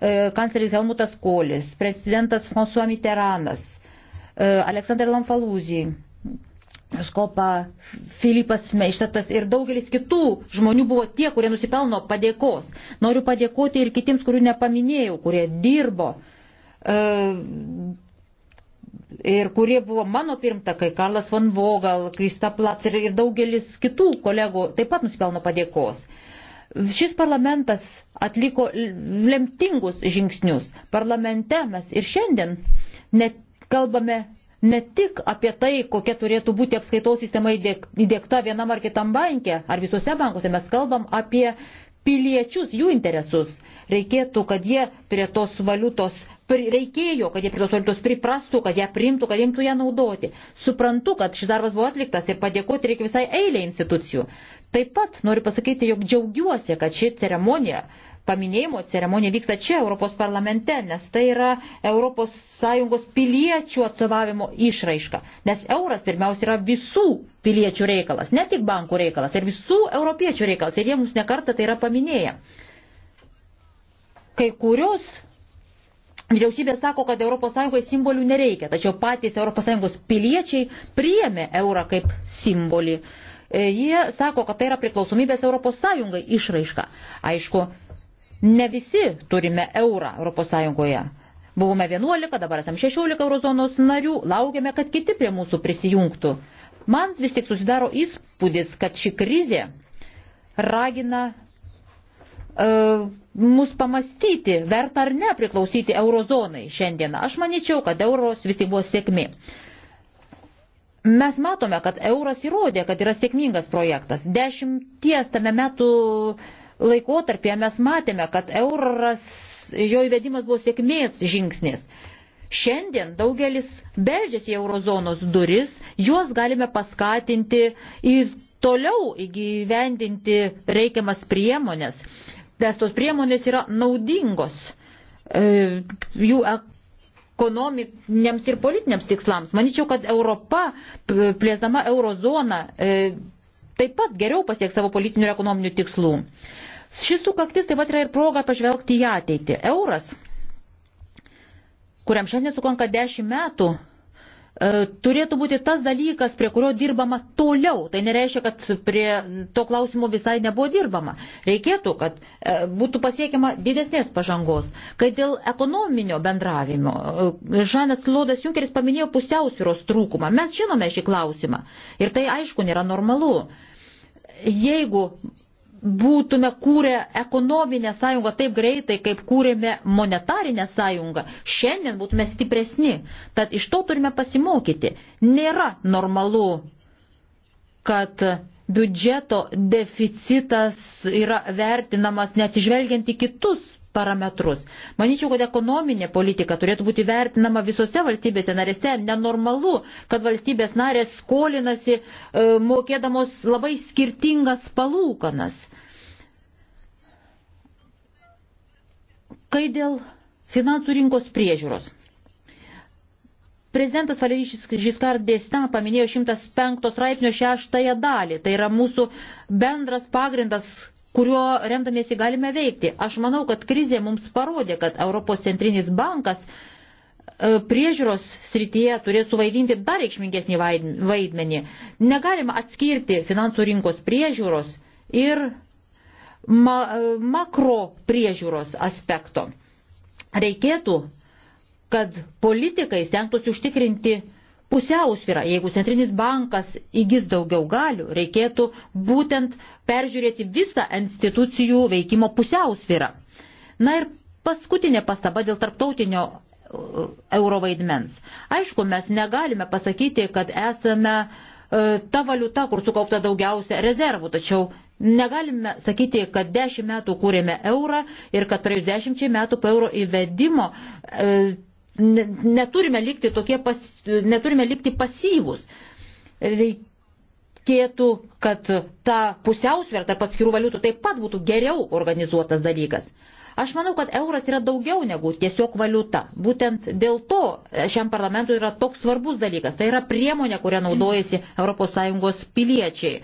e, kancleris Helmutas Kolis, prezidentas François Mitterrandas, e, Aleksandr Lamfalūzi, Skopa, Filipas Meištatas ir daugelis kitų žmonių buvo tie, kurie nusipelno padėkos. Noriu padėkoti ir kitiems, kurių nepaminėjau, kurie dirbo E, ir kurie buvo mano pirmtakai, Karlas Van Vogal, Krista Plats ir, ir daugelis kitų kolegų taip pat nusipelno padėkos. Šis parlamentas atliko lemtingus žingsnius. Parlamente mes ir šiandien net kalbame ne tik apie tai, kokia turėtų būti apskaitos sistema įdėkta vienam ar kitam bankė ar visuose bankuose, mes kalbam apie piliečius, jų interesus. Reikėtų, kad jie prie tos valiutos reikėjo, kad jie prie tos valiutos priprastų, kad ją primtų, kad imtų ją naudoti. Suprantu, kad šis darbas buvo atliktas ir padėkoti reikia visai eilė institucijų. Taip pat noriu pasakyti, jog džiaugiuosi, kad ši ceremonija, paminėjimo ceremonija vyksta čia Europos parlamente, nes tai yra ES piliečių atstovavimo išraiška. Nes euras pirmiausia yra visų piliečių reikalas, ne tik bankų reikalas, ir visų europiečių reikalas. Ir jie mums nekartą tai yra paminėję. Kai kurios Vyriausybė sako, kad ES simbolių nereikia, tačiau patys ES piliečiai priėmė eurą kaip simbolį. E, jie sako, kad tai yra priklausomybės ES išraiška. Aišku, ne visi turime eurą ES. Buvome 11, dabar esame 16 eurozonos narių, laukiame, kad kiti prie mūsų prisijungtų. Man vis tik susidaro įspūdis, kad ši krizė ragina E, mus pamastyti, verta ar ne priklausyti eurozonai šiandieną. Aš manyčiau, kad euros vis tik buvo sėkmė. Mes matome, kad euras įrodė, kad yra sėkmingas projektas. Dešimties tame metų laikotarpėje mes matėme, kad euras, jo įvedimas buvo sėkmės žingsnis. Šiandien daugelis beldžiasi į eurozonos duris, juos galime paskatinti į toliau įgyvendinti reikiamas priemonės nes tos priemonės yra naudingos e, jų ekonominiams ir politiniams tikslams. Maničiau, kad Europa, plėsdama eurozoną, e, taip pat geriau pasieks savo politinių ir ekonominių tikslų. Šis sukaktis taip pat yra ir proga pažvelgti į ateitį. Euras, kuriam šiandien sukanka 10 metų, E, turėtų būti tas dalykas, prie kurio dirbama toliau. Tai nereiškia, kad prie to klausimo visai nebuvo dirbama. Reikėtų, kad e, būtų pasiekima didesnės pažangos. Kai dėl ekonominio bendravimo, e, Žanas Lodas Junkeris paminėjo pusiausvyros trūkumą. Mes žinome šį klausimą. Ir tai aišku nėra normalu. Jeigu būtume kūrę ekonominę sąjungą taip greitai, kaip kūrėme monetarinę sąjungą, šiandien būtume stipresni. Tad iš to turime pasimokyti. Nėra normalu, kad biudžeto deficitas yra vertinamas neatsižvelgiant į kitus parametrus. Manyčiau, kad ekonominė politika turėtų būti vertinama visose valstybėse narėse. Nenormalu, kad valstybės narės skolinasi e, mokėdamos labai skirtingas palūkanas. Kai dėl finansų rinkos priežiūros. Prezidentas Valerijus Žiskar Destin paminėjo 105 straipsnio šeštąją dalį. Tai yra mūsų bendras pagrindas kuriuo remdamiesi galime veikti. Aš manau, kad krizė mums parodė, kad Europos centrinis bankas e, priežiūros srityje turės suvaidinti dar reikšmingesnį vaidmenį. Negalima atskirti finansų rinkos priežiūros ir ma e, makro priežiūros aspekto. Reikėtų, kad politikai stengtųsi užtikrinti pusiausvyrą. Jeigu centrinis bankas įgis daugiau galių, reikėtų būtent peržiūrėti visą institucijų veikimo pusiausvyrą. Na ir paskutinė pastaba dėl tarptautinio e, euro vaidmens. Aišku, mes negalime pasakyti, kad esame e, ta valiuta, kur sukaupta daugiausia rezervų, tačiau negalime sakyti, kad 10 metų kūrėme eurą ir kad prieš 10 metų po euro įvedimo e, neturime likti, tokie pas, neturime likti pasyvus. Reikėtų, kad ta pusiausvėra tarp atskirų valiutų taip pat būtų geriau organizuotas dalykas. Aš manau, kad euras yra daugiau negu tiesiog valiuta. Būtent dėl to šiam parlamentui yra toks svarbus dalykas. Tai yra priemonė, kurią naudojasi ES piliečiai.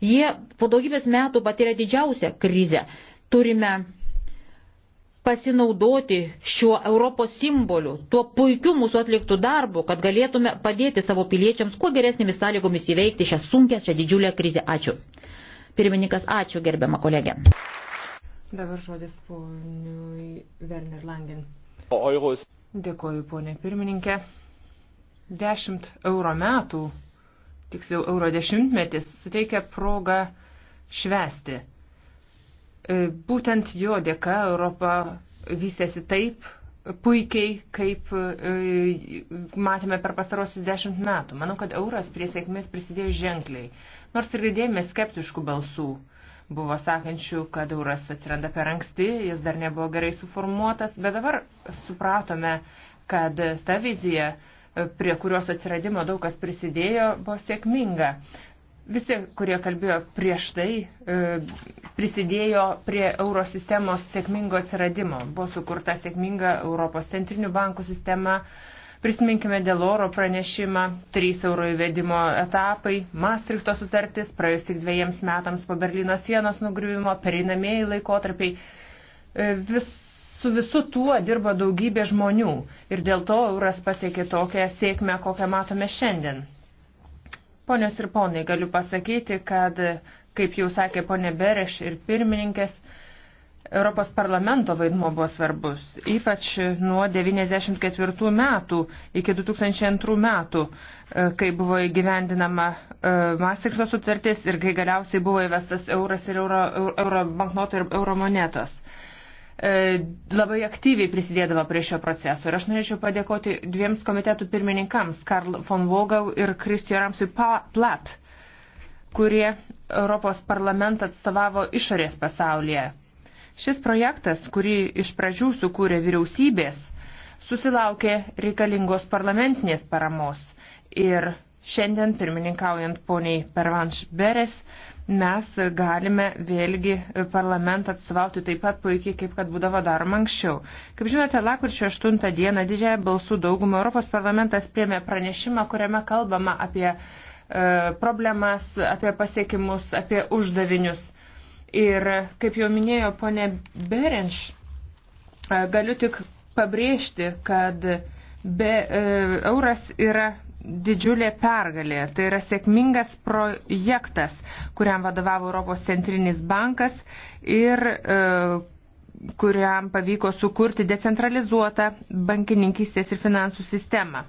Jie po daugybės metų patiria didžiausią krizę. Turime pasinaudoti šiuo Europos simboliu, tuo puikiu mūsų atliktų darbu, kad galėtume padėti savo piliečiams kuo geresnėmis sąlygomis įveikti šią sunkę, šią didžiulę krizę. Ačiū. Pirmininkas, ačiū gerbiama kolegė. Dabar žodis poniui Werner Langen. O eurus. Dėkoju, ponė pirmininkė. Dešimt euro metų, tiksliau euro dešimtmetis, suteikia progą švesti E, būtent jo dėka Europa vystėsi taip puikiai, kaip e, matėme per pastarosius dešimt metų. Manau, kad euras prie sėkmės prisidėjo ženkliai. Nors ir girdėjome skeptiškų balsų. Buvo sakančių, kad euras atsiranda per anksti, jis dar nebuvo gerai suformuotas, bet dabar supratome, kad ta vizija e, prie kurios atsiradimo daug kas prisidėjo, buvo sėkminga. Visi, kurie kalbėjo prieš tai, e, prisidėjo prie eurosistemos sėkmingo atsiradimo. Buvo sukurta sėkminga Europos centrinių bankų sistema. Prisiminkime dėl oro pranešimą, 3 euro įvedimo etapai, Maastrichto sutartis, praėjus tik dviejiems metams po Berlyno sienos nugriuvimo, pereinamieji laikotarpiai. E, vis, su visu tuo dirba daugybė žmonių ir dėl to euras pasiekė tokią sėkmę, kokią matome šiandien. Ponios ir ponai, galiu pasakyti, kad, kaip jau sakė ponė Bereš ir pirmininkės, Europos parlamento vaidmuo buvo svarbus, ypač nuo 1994 metų iki 2002 metų, e, kai buvo įgyvendinama e, Maastrichto sutartis ir kai galiausiai buvo įvestas euras ir euro, euro banknotai ir euro monetos. E, labai aktyviai prisidėdavo prie šio proceso. Ir aš norėčiau padėkoti dviems komitetų pirmininkams, Karl von Vogau ir Kristijo Ramsui Plat, kurie Europos parlamentą atstovavo išorės pasaulyje. Šis projektas, kurį iš pradžių sukūrė vyriausybės, susilaukė reikalingos parlamentinės paramos ir šiandien pirmininkaujant poniai Pervanš Beres mes galime vėlgi parlamentą atstovauti taip pat puikiai, kaip kad būdavo daroma anksčiau. Kaip žinote, lakurčio 8 dieną didžiąją balsų daugumą Europos parlamentas priemė pranešimą, kuriame kalbama apie e, problemas, apie pasiekimus, apie uždavinius. Ir kaip jau minėjo ponė Berenš, e, galiu tik pabrėžti, kad be, e, euras yra didžiulė pergalė. Tai yra sėkmingas projektas, kuriam vadovavo Europos centrinis bankas ir e, kuriam pavyko sukurti decentralizuotą bankininkystės ir finansų sistemą.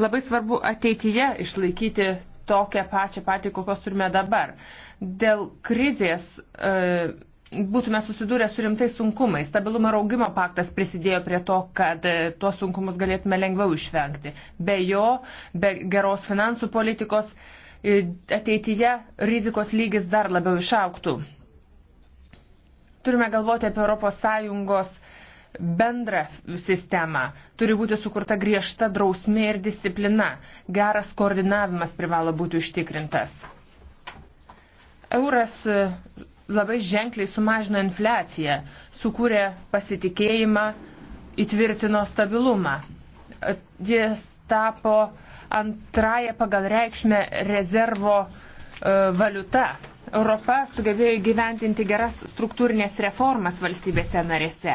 Labai svarbu ateityje išlaikyti tokią pačią patį, kokios turime dabar. Dėl krizės e, būtume susidūrę su rimtais sunkumais. Stabilumo ir augimo paktas prisidėjo prie to, kad e, tuos sunkumus galėtume lengviau išvengti. Be jo, be geros finansų politikos e, ateityje rizikos lygis dar labiau išauktų. Turime galvoti apie ES bendrą sistemą. Turi būti sukurta griežta drausmė ir disciplina. Geras koordinavimas privalo būti užtikrintas. Euras labai ženkliai sumažino infliaciją, sukūrė pasitikėjimą, įtvirtino stabilumą. Jis tapo antraja pagal reikšmę rezervo e, valiuta. Europa sugebėjo įgyventinti geras struktūrinės reformas valstybėse narėse.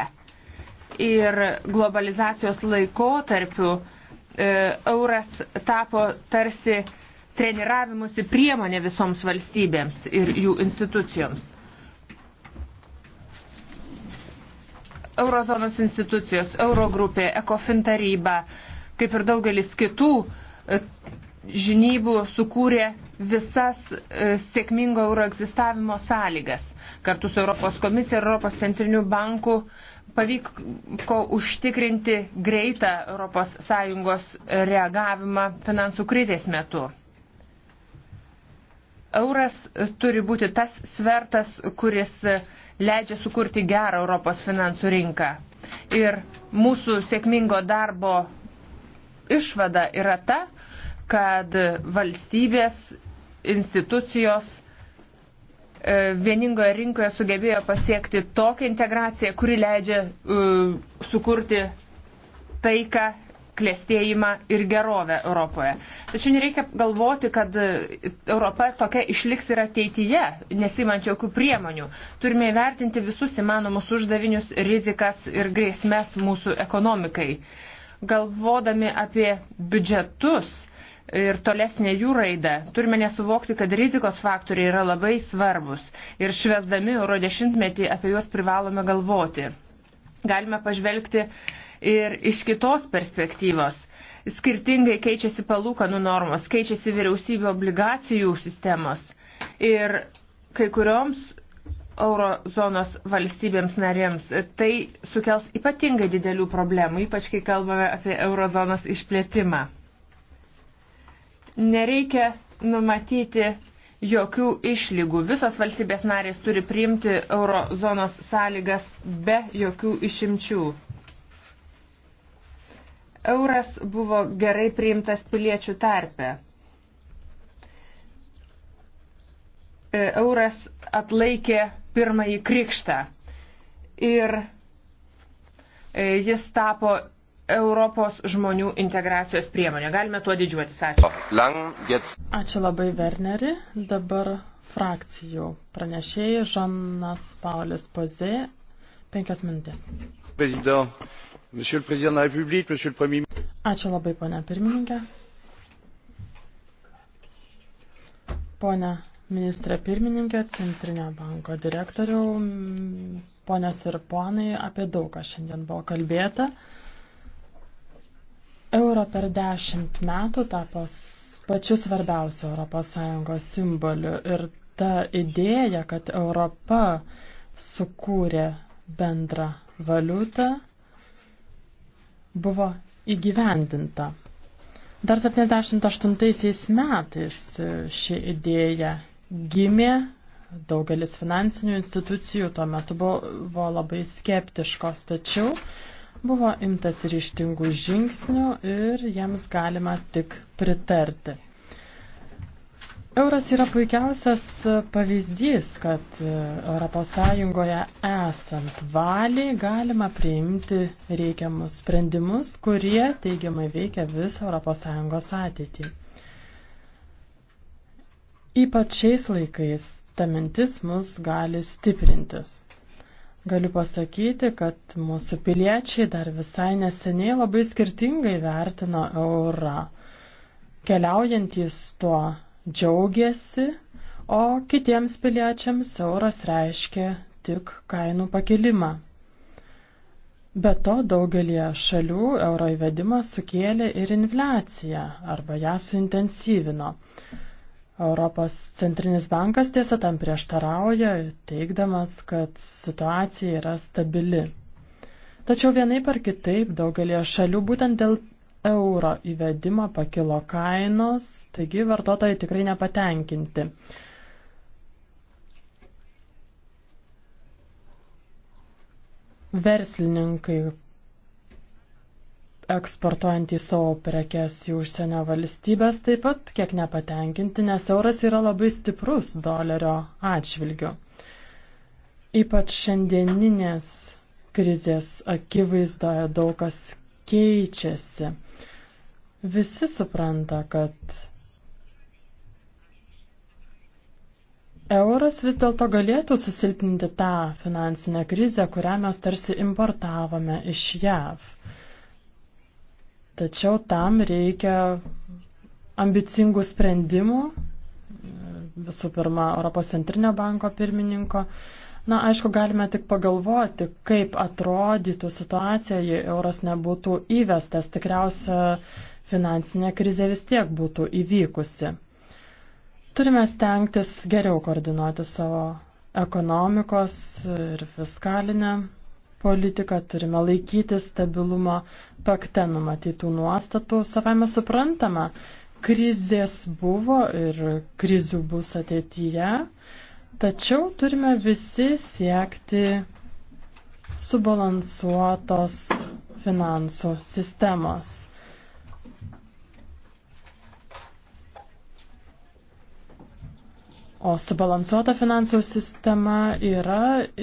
Ir globalizacijos laikotarpiu e, euras tapo tarsi treniravimusi priemonė visoms valstybėms ir jų institucijoms Eurozonos institucijos, Eurogrupė, Ekofin taryba, kaip ir daugelis kitų e, žinybų sukūrė visas e, sėkmingo euro egzistavimo sąlygas. Kartu su Europos komisija ir Europos centriniu banku pavyko užtikrinti greitą ES reagavimą finansų krizės metu. Euras turi būti tas svertas, kuris leidžia sukurti gerą Europos finansų rinką. Ir mūsų sėkmingo darbo išvada yra ta, kad valstybės institucijos e, vieningoje rinkoje sugebėjo pasiekti tokią integraciją, kuri leidžia uh, sukurti taiką klėstėjimą ir gerovę Europoje. Tačiau nereikia galvoti, kad Europa tokia išliks ir ateityje, nesimant jokių priemonių. Turime įvertinti visus įmanomus uždavinius, rizikas ir grėsmės mūsų ekonomikai. Galvodami apie biudžetus, ir tolesnė jų raida, turime nesuvokti, kad rizikos faktoriai yra labai svarbus ir švesdami euro dešimtmetį apie juos privalome galvoti. Galime pažvelgti ir iš kitos perspektyvos. Skirtingai keičiasi palūkanų normos, keičiasi vyriausybių obligacijų sistemos ir kai kurioms eurozonos valstybėms narėms tai sukels ypatingai didelių problemų, ypač kai kalbame apie eurozonos išplėtimą. Nereikia numatyti jokių išlygų. Visos valstybės narės turi priimti eurozonos sąlygas be jokių išimčių. Euras buvo gerai priimtas piliečių tarpe. E, Euras atlaikė pirmąjį krikštą ir e, jis tapo Europos žmonių integracijos priemonė. Galime tuo didžiuotis. Ačiū. Ačiū labai, Werneri. Dabar frakcijų pranešėjai Žanas Paulis Pozė. Penkias minutės. Prezident, Monsieur le Président de la République, Monsieur le Premier ministre. Ačiū labai, ponia pirmininkė. Pone ministrė pirmininkė, Centrinio banko direktoriau, ponės ir ponai, apie daugą šiandien buvo kalbėta. Euro per dešimt metų tapo pačiu svarbiausiu ES simboliu ir ta idėja, kad Europa sukūrė bendrą valiutą, buvo įgyvendinta. Dar 78 metais ši idėja gimė, daugelis finansinių institucijų tuo metu buvo, buvo labai skeptiškos, tačiau buvo imtas ryštingų žingsnių ir jiems galima tik pritarti. Euras yra puikiausias pavyzdys, kad ES esant valiai galima priimti reikiamus sprendimus, kurie teigiamai veikia visą ES ateitį. Ypač šiais laikais ta mintis mus gali stiprintis. Galiu pasakyti, kad mūsų piliečiai dar visai neseniai labai skirtingai vertino eurą. Keliaujantys tuo džiaugiasi, o kitiems piliečiams euras reiškia tik kainų pakilimą. Be to daugelie šalių euro įvedimas sukėlė ir infliaciją arba ją suintensyvino. Europos centrinis bankas tiesa tam prieštarauja, teikdamas, kad situacija yra stabili. Tačiau vienai par kitaip daugelie šalių būtent dėl euro įvedimą pakilo kainos, taigi vartotojai tikrai nepatenkinti. Verslininkai eksportuojant į savo prekes į užsienio valstybės taip pat kiek nepatenkinti, nes euras yra labai stiprus dolerio atžvilgiu. Ypač šiandieninės krizės akivaizdoje daug kas keičiasi. Visi supranta, kad Euras vis dėlto galėtų susilpninti tą finansinę krizę, kurią mes tarsi importavome iš JAV. Tačiau tam reikia ambicingų sprendimų, visų pirma, Europos centrinio banko pirmininko. Na, aišku, galime tik pagalvoti, kaip atrodytų situacija, jei euras nebūtų įvestas. Tikriausia, finansinė krizė vis tiek būtų įvykusi. Turime stengtis geriau koordinuoti savo ekonomikos ir fiskalinę politiką, turime laikyti stabilumo pakte numatytų nuostatų. Savame suprantama, krizės buvo ir krizių bus ateityje. Tačiau turime visi siekti subalansuotos finansų sistemos. O subalansuota finansų sistema yra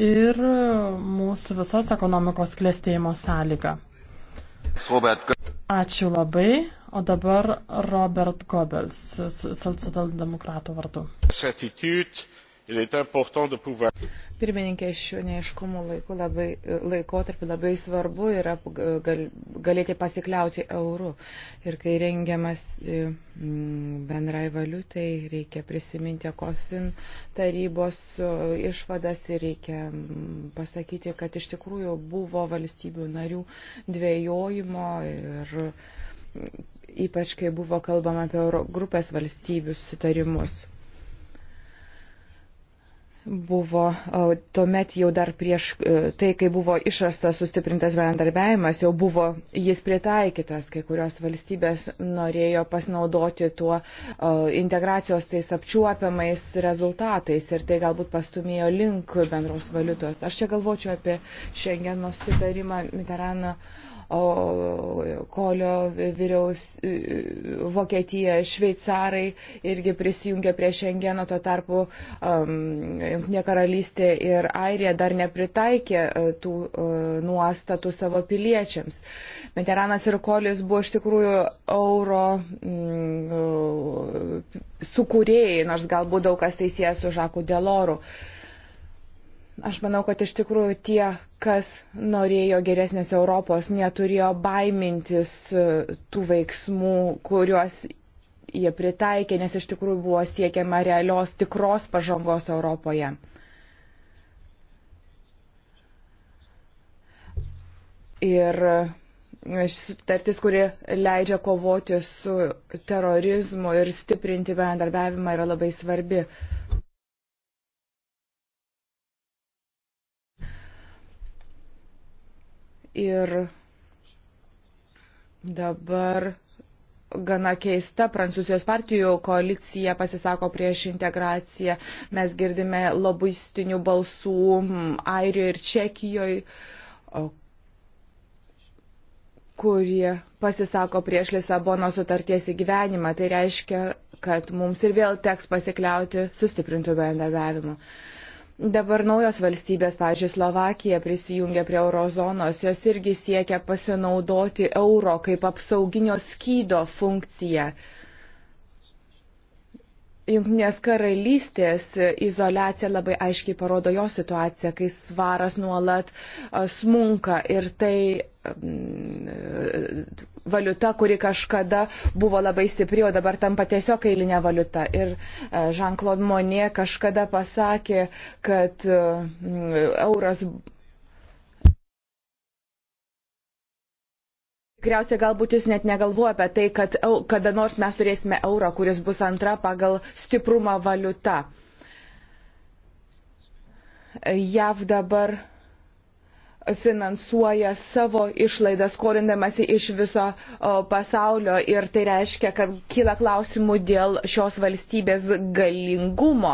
ir mūsų visos ekonomikos klėstėjimo sąlyga. Ačiū labai. O dabar Robert Goebbels, socialdemokratų vardu. Attitude il est important de pouvoir. Pirmininkė, šiuo neaiškumu laiku labai, laikotarpiu labai svarbu yra gal, galėti pasikliauti eurų. Ir kai rengiamas e, bendrai valiutai, reikia prisiminti COFIN tarybos e, išvadas ir reikia pasakyti, kad iš tikrųjų buvo valstybių narių dvėjojimo ir ypač kai buvo kalbama apie Euro grupės valstybių sutarimus buvo tuomet jau dar prieš e, tai, kai buvo išrastas sustiprintas bendarbiavimas, jau buvo jis pritaikytas, kai kurios valstybės norėjo pasinaudoti tuo integracijos tais apčiuopiamais rezultatais ir tai galbūt pastumėjo link bendros valiutos. Aš čia galvočiau apie šiandienos sutarimą Mitterrand Kolio vyriaus, e, Vokietija, šveicarai irgi prisijungė prie Šengeno, tuo tarpu Junktinė um, karalystė ir Airija dar nepritaikė e, tų uh, nuostatų savo piliečiams. Mederanas ir Kolis buvo iš tikrųjų euro mm, sukūrėjai, nors galbūt daug kas teisėjęs tai su Žaku Deloru. Uh, Aš manau, kad iš tikrųjų tie, kas norėjo geresnės Europos, neturėjo baimintis e, tų veiksmų, kuriuos jie pritaikė, nes iš tikrųjų buvo siekiama realios tikros pažangos Europoje. Ir e, sutartis, kuri leidžia kovoti su terorizmu ir stiprinti bendarbiavimą, yra labai svarbi. Ir dabar gana keista Prancūzijos partijų koalicija pasisako prieš integraciją. Mes girdime lobistinių balsų Airijoje ir Čekijoje, kurie pasisako prieš Lisabono sutarties įgyvenimą. Tai reiškia, kad mums ir vėl teks pasikliauti sustiprintų bendarbiavimu. Be Dabar naujos valstybės, pavyzdžiui, Slovakija prisijungia prie eurozonos, jos irgi siekia pasinaudoti euro kaip apsauginio skydo funkciją. Junknės karalystės izolacija labai aiškiai parodo jo situaciją, kai svaras nuolat smunka ir tai valiuta, kuri kažkada buvo labai stipri, o dabar tampa tiesiog eilinė valiuta. Ir e, Jean-Claude Monet kažkada pasakė, kad e, euras. Tikriausiai galbūt jis net negalvoja apie tai, kad kada nors mes turėsime eurą, kuris bus antra pagal stiprumą valiuta. E, JAV dabar finansuoja savo išlaidas skolindamasi iš viso pasaulio ir tai reiškia kad kyla klausimų dėl šios valstybės galingumo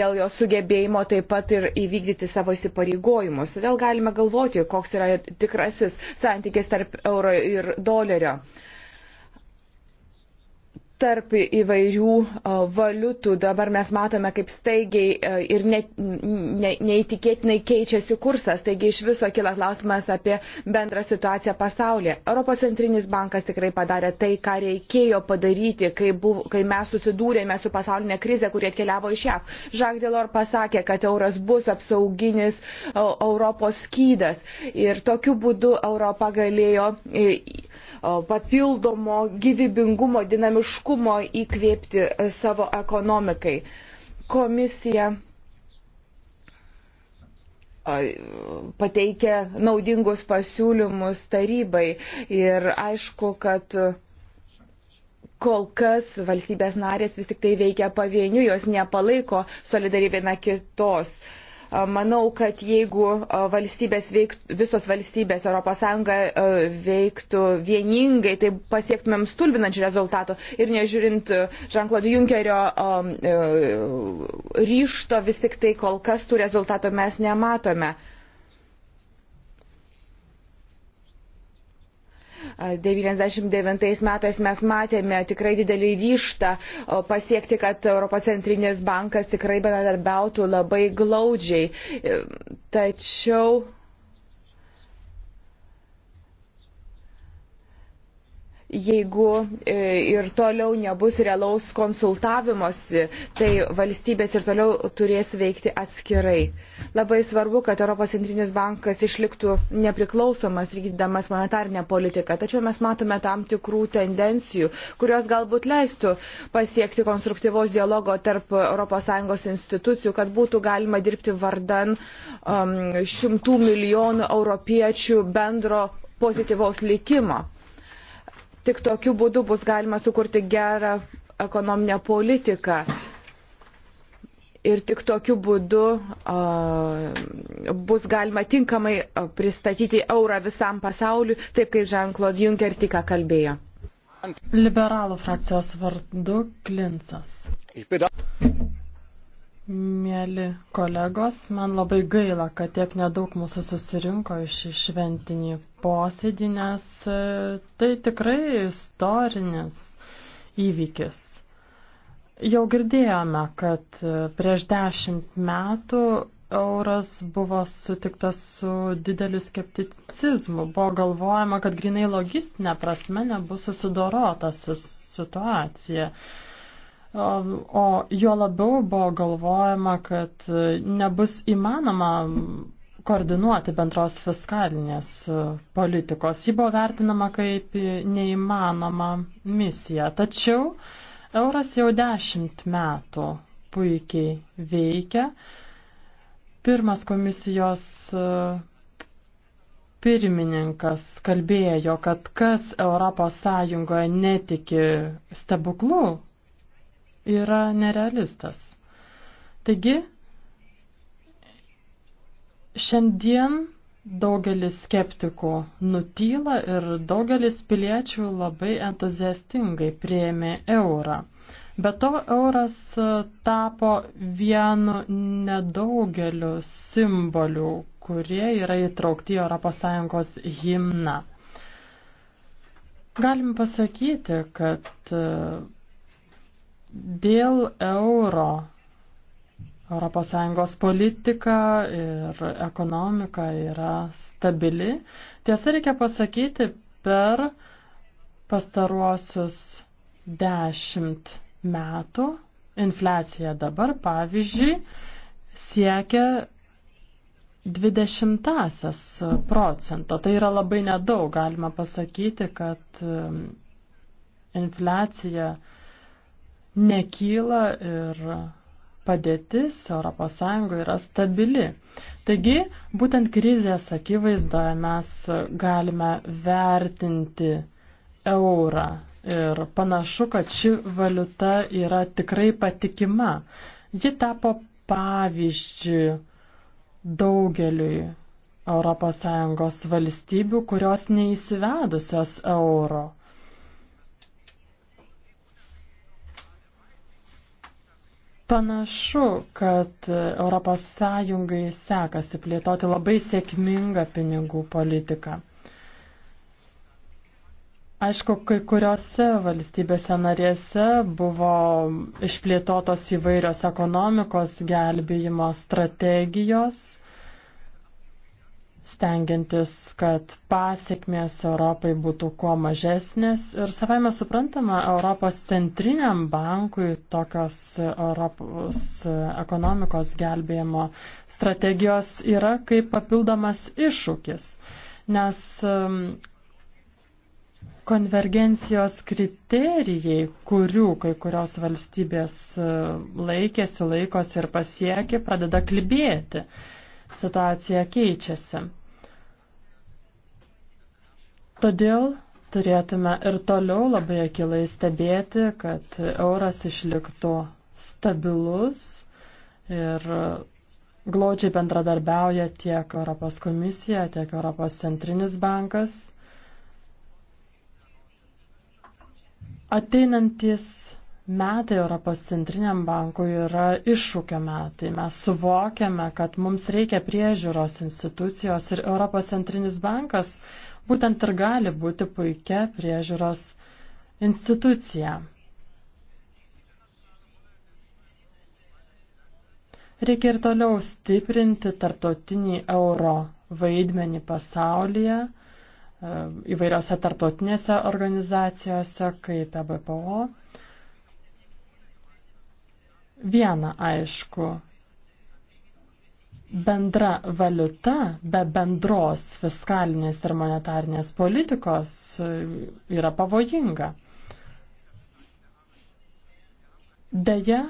dėl jos sugebėjimo taip pat ir įvykdyti savo įsipareigojimus todėl galime galvoti koks yra tikrasis santykis tarp euro ir dolerio tarp įvairių valiutų. Dabar mes matome, kaip staigiai ir ne, ne, neįtikėtinai keičiasi kursas. Taigi iš viso kila klausimas apie bendrą situaciją pasaulyje. Europos centrinis bankas tikrai padarė tai, ką reikėjo padaryti, kai, buv, kai mes susidūrėme su pasaulinė krize, kurie atkeliavo iš JAV. Jacques Delors pasakė, kad euras bus apsauginis Europos skydas. Ir tokiu būdu Europa galėjo papildomo gyvybingumo, dinamiškumo įkvėpti e, savo ekonomikai. Komisija pateikia naudingus pasiūlymus tarybai ir aišku, kad kol kas valstybės narės vis tik tai veikia pavieniu, jos nepalaiko solidariai viena kitos. Uh, Manau, kad jeigu valstybės veik, visos valstybės ES veiktų vieningai, tai pasiektumėm stulbinančių rezultatų ir nežiūrint Žanklodų Junkerio ryšto, vis tik tai kol kas tų rezultatų mes nematome. 99 metais mes matėme tikrai didelį ryštą pasiekti, kad Europos centrinis bankas tikrai bendradarbiautų labai glaudžiai. Tačiau jeigu e, ir toliau nebus realaus konsultavimosi, tai valstybės ir toliau turės veikti atskirai. Labai svarbu, kad Europos centrinis bankas išliktų nepriklausomas vykdydamas monetarinę politiką, tačiau mes matome tam tikrų tendencijų, kurios galbūt leistų pasiekti konstruktyvaus dialogo tarp ES institucijų, kad būtų galima dirbti vardan um, šimtų milijonų europiečių bendro pozityvaus likimo Tik tokiu būdu bus galima sukurti gerą ekonominę politiką. Ir tik tokiu būdu uh, bus galima tinkamai pristatyti eurą visam pasauliu, taip kaip Jean-Claude Juncker tik kalbėjo. Liberalų frakcijos vardu Klincas. Mėly kolegos, man labai gaila, kad tiek nedaug mūsų susirinko iš šventinį posėdį, nes e, tai tikrai istorinis įvykis. Jau girdėjome, kad e, prieš dešimt metų euras buvo sutiktas su dideliu skepticizmu. Buvo galvojama, kad grinai logistinė prasme nebus susidorota situacija. O jo labiau buvo galvojama, kad nebus įmanoma koordinuoti bendros fiskalinės politikos. Ji buvo vertinama kaip neįmanoma misija. Tačiau euras jau dešimt metų puikiai veikia. Pirmas komisijos pirmininkas kalbėjo, kad kas Europos Sąjungoje netiki stebuklų, yra nerealistas. Taigi, šiandien daugelis skeptikų nutyla ir daugelis piliečių labai entuziastingai prieėmė eurą. Be to euras tapo vienu nedaugeliu simbolių, kurie yra įtraukti į ES himną. Galim pasakyti, kad Dėl euro ES politika ir ekonomika yra stabili. Tiesa, reikia pasakyti, per pastaruosius dešimt metų infliacija dabar, pavyzdžiui, siekia 20 procento. Tai yra labai nedaug, galima pasakyti, kad um, infliacija nekyla ir padėtis ES yra stabili. Taigi, būtent krizės akivaizdoje mes galime vertinti eurą ir panašu, kad ši valiuta yra tikrai patikima. Ji tapo pavyzdžių daugeliui ES valstybių, kurios neįsivedusios euro. Panašu, kad ES sekasi plėtoti labai sėkmingą pinigų politiką. Aišku, kai kuriuose valstybėse narėse buvo išplėtotos įvairios ekonomikos gelbėjimo strategijos stengiantis, kad pasiekmės Europai būtų kuo mažesnės. Ir savai mes suprantama, Europos centriniam bankui tokios Europos ekonomikos gelbėjimo strategijos yra kaip papildomas iššūkis, nes um, konvergencijos kriterijai, kurių kai kurios valstybės uh, laikėsi, laikosi ir pasiekė, pradeda klibėti situacija keičiasi. Todėl turėtume ir toliau labai akilai stebėti, kad euras išliktų stabilus ir glaudžiai bendradarbiauja tiek Europos komisija, tiek Europos centrinis bankas. Ateinantis metai Europos centriniam bankui yra iššūkio metai. Mes suvokiame, kad mums reikia priežiūros institucijos ir Europos centrinis bankas būtent ir gali būti puikia priežiūros institucija. Reikia ir toliau stiprinti tarptautinį euro vaidmenį pasaulyje, e, įvairiose tarptautinėse organizacijose kaip EBPO. Viena aišku, bendra valiuta be bendros fiskalinės ir monetarnės politikos yra pavojinga. Deja,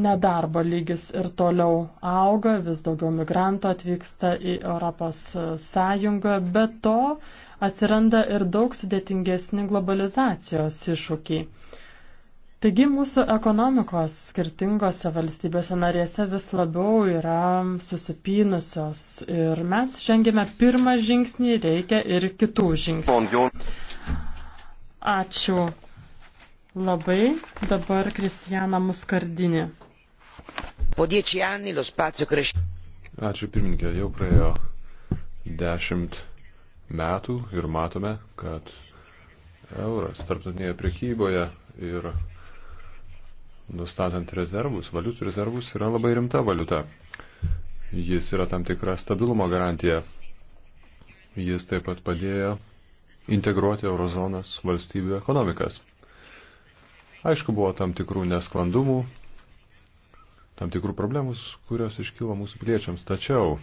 Nedarbo lygis ir toliau auga, vis daugiau migrantų atvyksta į Europos Sąjungą, bet to atsiranda ir daug sudėtingesni globalizacijos iššūkiai. Taigi mūsų ekonomikos skirtingose valstybėse narėse vis labiau yra susipynusios ir mes žengėme pirmą žingsnį, reikia ir kitų žingsnių. Ačiū labai. Dabar Kristijana Muskardinė. Po dieci anni lo spazio cresce. Ačiū pirmininkė, jau praėjo dešimt metų ir matome, kad euras tarptautinėje prekyboje ir nustatant rezervus, valiutų rezervus yra labai rimta valiuta. Jis yra tam tikra stabilumo garantija. Jis taip pat padėjo integruoti eurozonos valstybių ekonomikas. Aišku, buvo tam tikrų nesklandumų, tam tikrų problemų, kurios iškilo mūsų piliečiams. Tačiau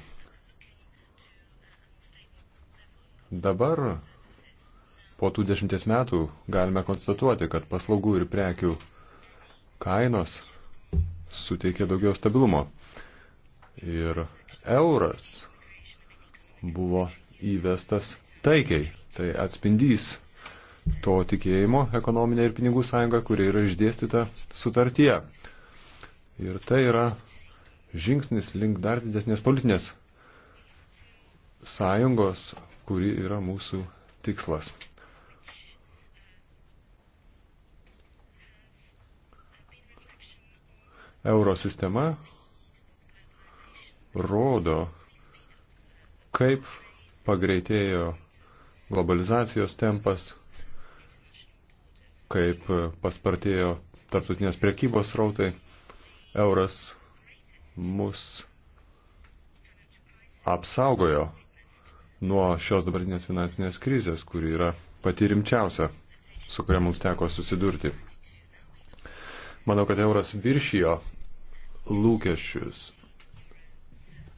dabar, po tų dešimties metų, galime konstatuoti, kad paslaugų ir prekių kainos suteikė daugiau stabilumo. Ir euras buvo įvestas taikiai. Tai atspindys to tikėjimo ekonominė ir pinigų sąjunga, kuri yra išdėstyta sutartyje. Ir tai yra žingsnis link dar didesnės politinės sąjungos, kuri yra mūsų tikslas. Euro sistema rodo, kaip pagreitėjo globalizacijos tempas, kaip paspartėjo tarptautinės priekybos rautai. Euras mus apsaugojo nuo šios dabartinės finansinės krizės, kuri yra pati rimčiausia, su kuria mums teko susidurti. Manau, kad euras viršijo lūkesčius,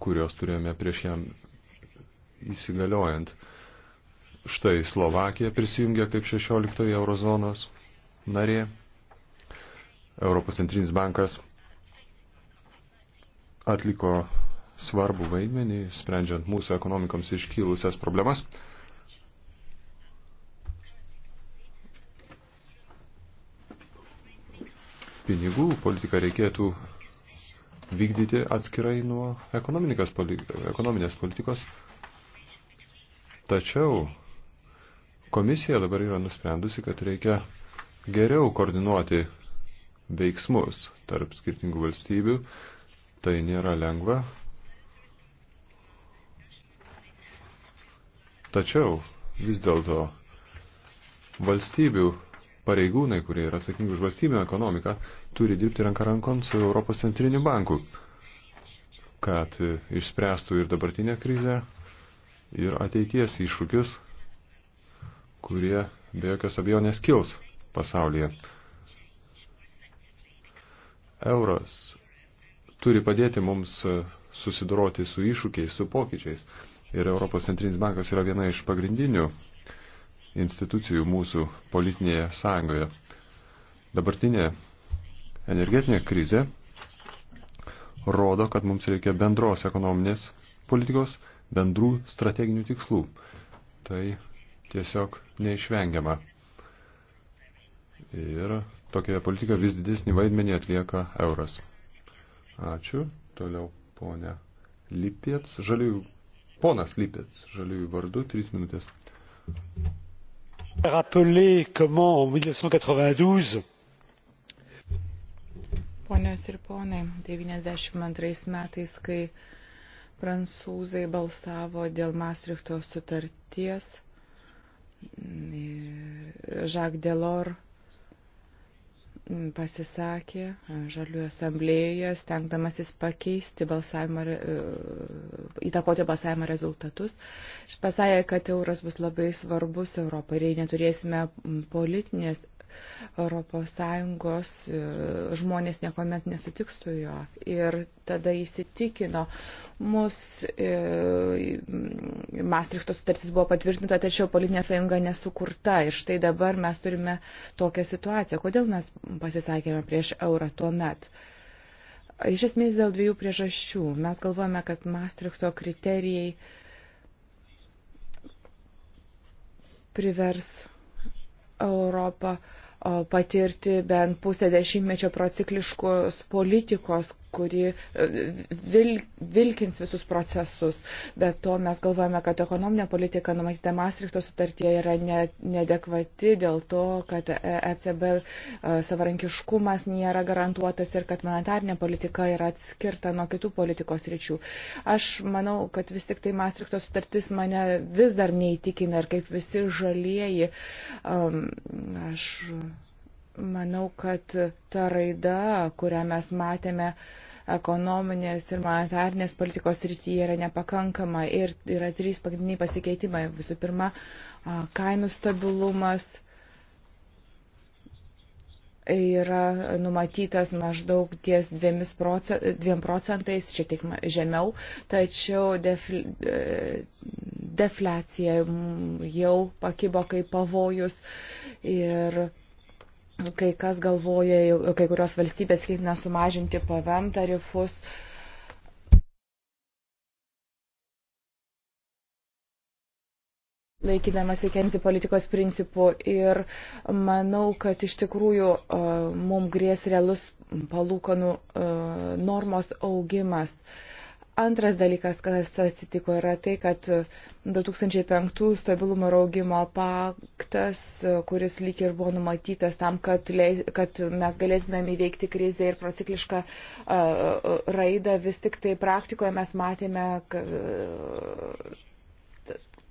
kuriuos turėjome prieš jam įsigaliojant. Štai Slovakija prisijungia kaip 16 eurozonos narė, Europos centrinis bankas atliko svarbų vaidmenį, sprendžiant mūsų ekonomikoms iškylusias problemas. Pinigų politiką reikėtų vykdyti atskirai nuo ekonominės politikos. Tačiau komisija dabar yra nusprendusi, kad reikia geriau koordinuoti veiksmus tarp skirtingų valstybių. Tai nėra lengva. Tačiau vis dėlto valstybių pareigūnai, kurie yra atsakingi už valstybinę ekonomiką, turi dirbti ranką rankon su Europos centriniu banku, kad išspręstų ir dabartinę krizę, ir ateities iššūkius, kurie be jokios abejonės kils pasaulyje. Euras turi padėti mums susidoroti su iššūkiais, su pokyčiais. Ir Europos centrinis bankas yra viena iš pagrindinių institucijų mūsų politinėje sąjungoje. Dabartinė Energetinė krizė rodo, kad mums reikia bendros ekonominės politikos, bendrų strateginių tikslų. Tai tiesiog neišvengiama. Ir tokioje politikoje vis didesnį vaidmenį atlieka euras. Ačiū. Toliau ponia Lipiec, žaliųjų, ponas Lipiec, žaliųjų vardu, trys minutės. Rappeler comment en 1992 Ponios ir ponai, 92 metais, kai prancūzai balsavo dėl Maastrichto sutarties, Jacques Delors pasisakė Žaliųjų asamblėjoje, stengdamasis pakeisti balsavimo, e, įtakoti balsavimo rezultatus. Jis pasakė, kad euras bus labai svarbus Europai ir jei neturėsime politinės ES e, žmonės niekuomet nesutiks su juo. Ir tada įsitikino, mus e, Maastrichto sutartis buvo patvirtinta, tačiau politinė sąjunga nesukurta. Ir štai dabar mes turime tokią situaciją. Kodėl mes pasisakėme prieš eurą tuo met? Iš esmės dėl dviejų priežasčių. Mes galvojame, kad Maastrichto kriterijai privers Europą patirti bent pusę dešimtmečio procikliškos politikos, kuri e, vil, vilkins visus procesus. Bet to mes galvojame, kad ekonominė politika numatyta Maastrichto sutartyje yra ne, nedekvati dėl to, kad ECB e, savarankiškumas nėra garantuotas ir kad monetarinė politika yra atskirta nuo kitų politikos ryčių. Aš manau, kad vis tik tai Maastrichto sutartis mane vis dar neįtikina ir kaip visi žalieji. Um, aš Manau, kad ta raida, kurią mes matėme ekonominės ir monetarnės politikos rytyje yra nepakankama ir yra trys pagrindiniai pasikeitimai. Visų pirma, kainų stabilumas yra numatytas maždaug ties 2 procentais, šiek tiek žemiau, tačiau defl, e, deflecija jau pakibo kaip pavojus ir kai kas galvoja, kai kurios valstybės ketina sumažinti PVM tarifus. laikydamasi kenzi politikos principų ir manau, kad iš tikrųjų e, mums grės realus palūkanų e, normos augimas. Uh, Antras dalykas, kas atsitiko, yra tai, kad 2005 stabilumo ir augimo paktas, kuris lyg ir buvo numatytas tam, kad, leis, kad mes galėtumėm įveikti krizę ir prociklišką uh, raidą, vis tik tai praktikoje mes matėme kad, uh,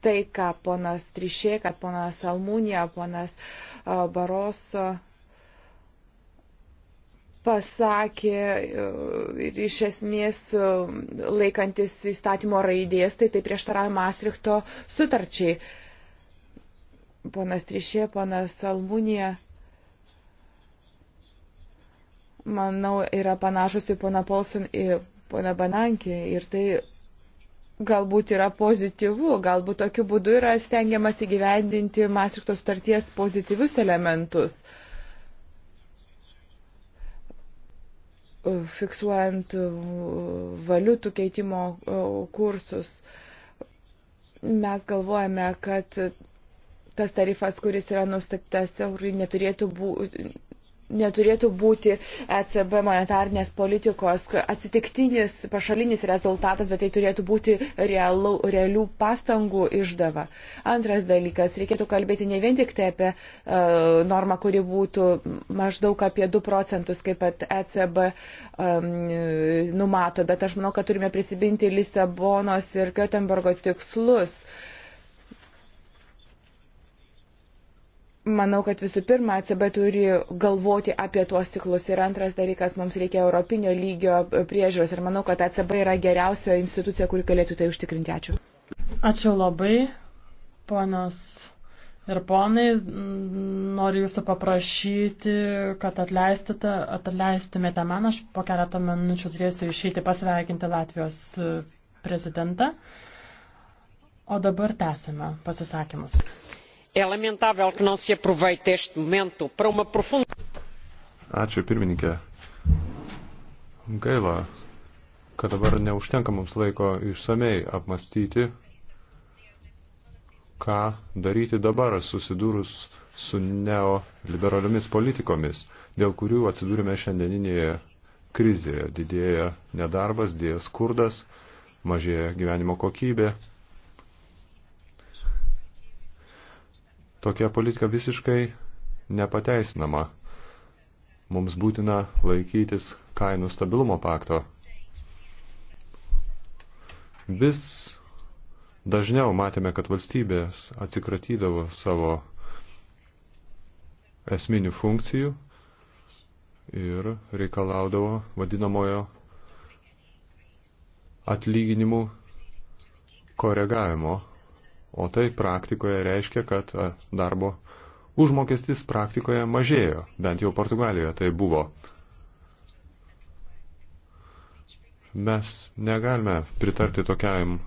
tai, ką ponas Trišė, kad ponas Almūnija, ponas uh, Baroso. Uh, pasakė e, ir iš esmės e, laikantis įstatymo raidės, tai tai prieštarauja Masrichto sutarčiai. Ponas Trišė, ponas Almunija, manau, yra panašus į poną Polson, į poną Banankį ir tai galbūt yra pozityvu, galbūt tokiu būdu yra stengiamas įgyvendinti Masrichto sutarties pozityvius elementus. fiksuojant e, valiutų keitimo e, kursus. Mes galvojame, kad tas tarifas, kuris yra nustatytas eurui, neturėtų būti neturėtų būti ECB monetarnės politikos atsitiktinis pašalinis rezultatas, bet tai turėtų būti realu, realių pastangų išdava. Antras dalykas, reikėtų kalbėti ne vien tik tai apie uh, normą, kuri būtų maždaug apie 2 procentus, kaip ECB um, numato, bet aš manau, kad turime prisibinti Lisabonos ir Göteborgo tikslus Manau, kad visų pirma, ACB turi galvoti apie tuos tiklus ir antras dalykas, mums reikia europinio lygio priežiūros ir manau, kad ACB yra geriausia institucija, kuri galėtų tai užtikrinti. Ačiū. Ačiū labai, ponios ir ponai. Noriu jūsų paprašyti, kad atleistumėte man, aš po keletą minučių turėsiu išeiti pasveikinti Latvijos prezidentą. O dabar tęsime pasisakymus. É lamentável que não se aproveite este momento para uma profunda. Ačiū pirmininkė. Gaila, kad dabar neužtenka mums laiko išsamei apmastyti, ką daryti dabar susidūrus su neoliberaliomis politikomis, dėl kurių atsidūrime šiandieninėje krizėje. Didėja nedarbas, didėja skurdas, mažėja gyvenimo kokybė, Tokia politika visiškai nepateisinama. Mums būtina laikytis kainų stabilumo pakto. Vis dažniau matėme, kad valstybės atsikratydavo savo esminių funkcijų ir reikalaudavo vadinamojo atlyginimų koregavimo O tai praktikoje reiškia, kad e, darbo užmokestis praktikoje mažėjo, bent jau Portugalijoje tai buvo. Mes negalime pritarti tokiam,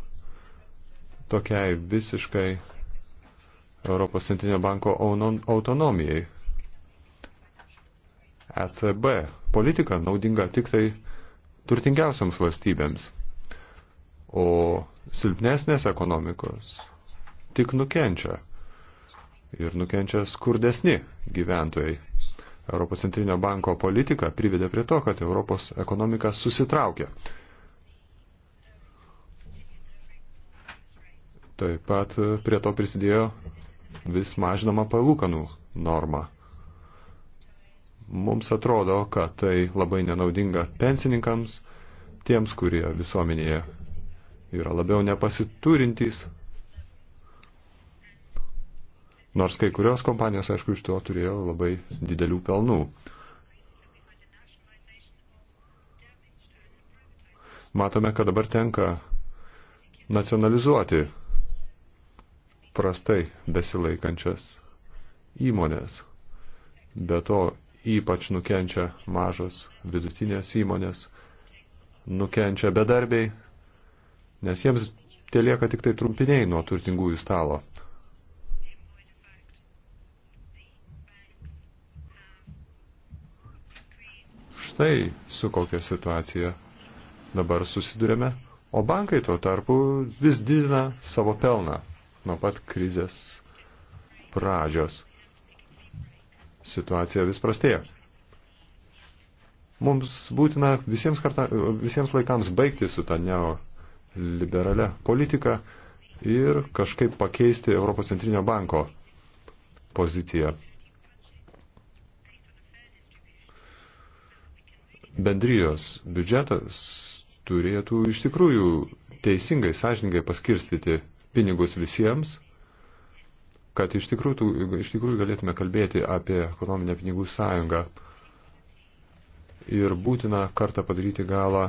tokiai visiškai Europos centrinio banko autonomijai. ECB politika naudinga tik tai turtingiausiams valstybėms, o silpnesnės ekonomikos tik nukenčia. Ir nukenčia skurdesni gyventojai. Europos centrinio banko politika privedė prie to, kad Europos ekonomika susitraukė. Taip pat prie to prisidėjo vis mažinama palūkanų norma. Mums atrodo, kad tai labai nenaudinga pensininkams, tiems, kurie visuomenėje yra labiau nepasiturintys, Nors kai kurios kompanijos, aišku, iš to turėjo labai didelių pelnų. Matome, kad dabar tenka nacionalizuoti prastai besilaikančias įmonės. Be to, ypač nukenčia mažos vidutinės įmonės, nukenčia bedarbiai, nes jiems tie lieka tik tai trumpiniai nuo turtingųjų stalo. štai su kokia situacija dabar susidurėme, o bankai tuo tarpu vis didina savo pelną nuo pat krizės pradžios. Situacija vis prastėja. Mums būtina visiems, karta, visiems laikams baigti su tą neoliberalia politika ir kažkaip pakeisti Europos centrinio banko poziciją. bendrijos biudžetas turėtų iš tikrųjų teisingai, sąžiningai paskirstyti pinigus visiems, kad iš tikrųjų, iš tikrųjų galėtume kalbėti apie ekonominę pinigų sąjungą. Ir būtina kartą padaryti galą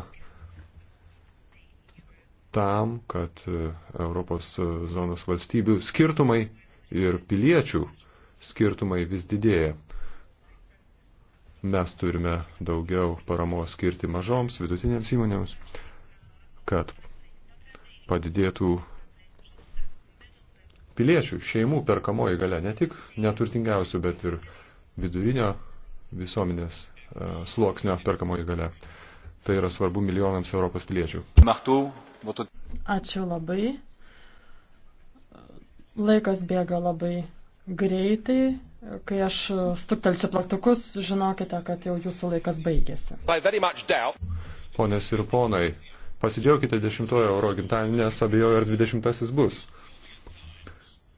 tam, kad e, Europos zonos valstybių skirtumai ir piliečių skirtumai vis didėja. Mes turime daugiau paramos skirti mažoms, vidutinėms įmonėms, kad padidėtų piliečių, šeimų perkamoji galia ne tik neturtingiausių, bet ir vidurinio visuomenės e, sluoksnio perkamoji galia. Tai yra svarbu milijonams Europos piliečių. Ačiū labai. Laikas bėga labai greitai. Kai aš stuktelsiu plaktukus, žinokite, kad jau jūsų laikas baigėsi. Ponės ir ponai, pasidžiaukite 10 euro gimtadienį, nes abejoju, ar 20 bus.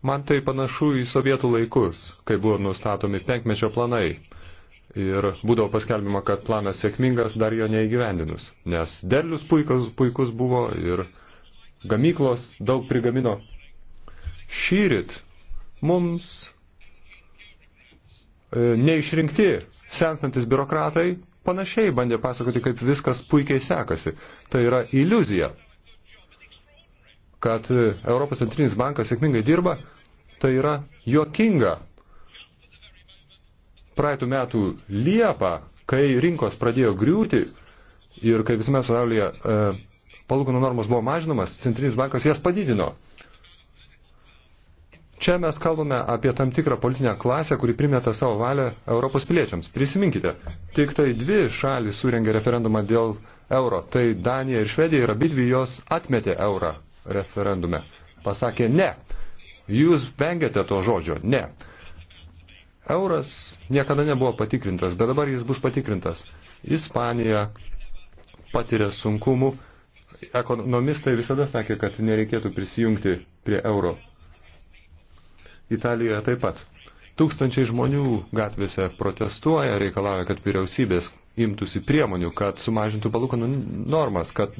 Man tai panašu į sovietų laikus, kai buvo nustatomi penkmečio planai. Ir būdavo paskelbima, kad planas sėkmingas dar jo neįgyvendinus, nes derlius puikus, puikus buvo ir gamyklos daug prigamino. Šyrit mums E, neišrinkti sensantis biurokratai panašiai bandė pasakoti, kaip viskas puikiai sekasi. Tai yra iliuzija, kad e, Europos centrinis bankas sėkmingai dirba, tai yra juokinga. Praeitų metų Liepą, kai rinkos pradėjo griūti ir kai visame pasaulyje e, palūkanų normos buvo mažinamas, centrinis bankas jas padidino. Čia mes kalbame apie tam tikrą politinę klasę, kuri primeta savo valią Europos piliečiams. Prisiminkite, tik tai dvi šalis surengė referendumą dėl euro. Tai Danija ir Švedija ir abidvi jos atmetė eurą referendume. Pasakė ne. Jūs vengiate to žodžio. Ne. Euras niekada nebuvo patikrintas, bet dabar jis bus patikrintas. Ispanija patiria sunkumų. Ekonomistai visada sakė, kad nereikėtų prisijungti prie euro. Italijoje taip pat. Tūkstančiai žmonių gatvėse protestuoja, reikalauja, kad vyriausybės imtųsi priemonių, kad sumažintų palūkanų normas, kad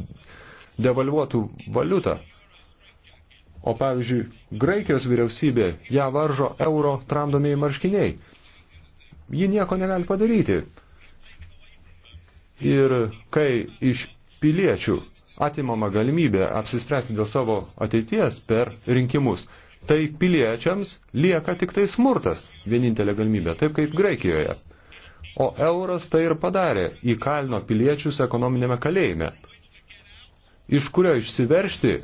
devalvuotų valiutą. O pavyzdžiui, Graikijos vyriausybė ją varžo euro tramdomieji marškiniai. Ji nieko negali padaryti. Ir kai iš piliečių atimama galimybė apsispręsti dėl savo ateities per rinkimus, tai piliečiams lieka tik tai smurtas, vienintelė galimybė, taip kaip Graikijoje. O euras tai ir padarė, įkalino piliečius ekonominėme kalėjime, iš kurio išsiveršti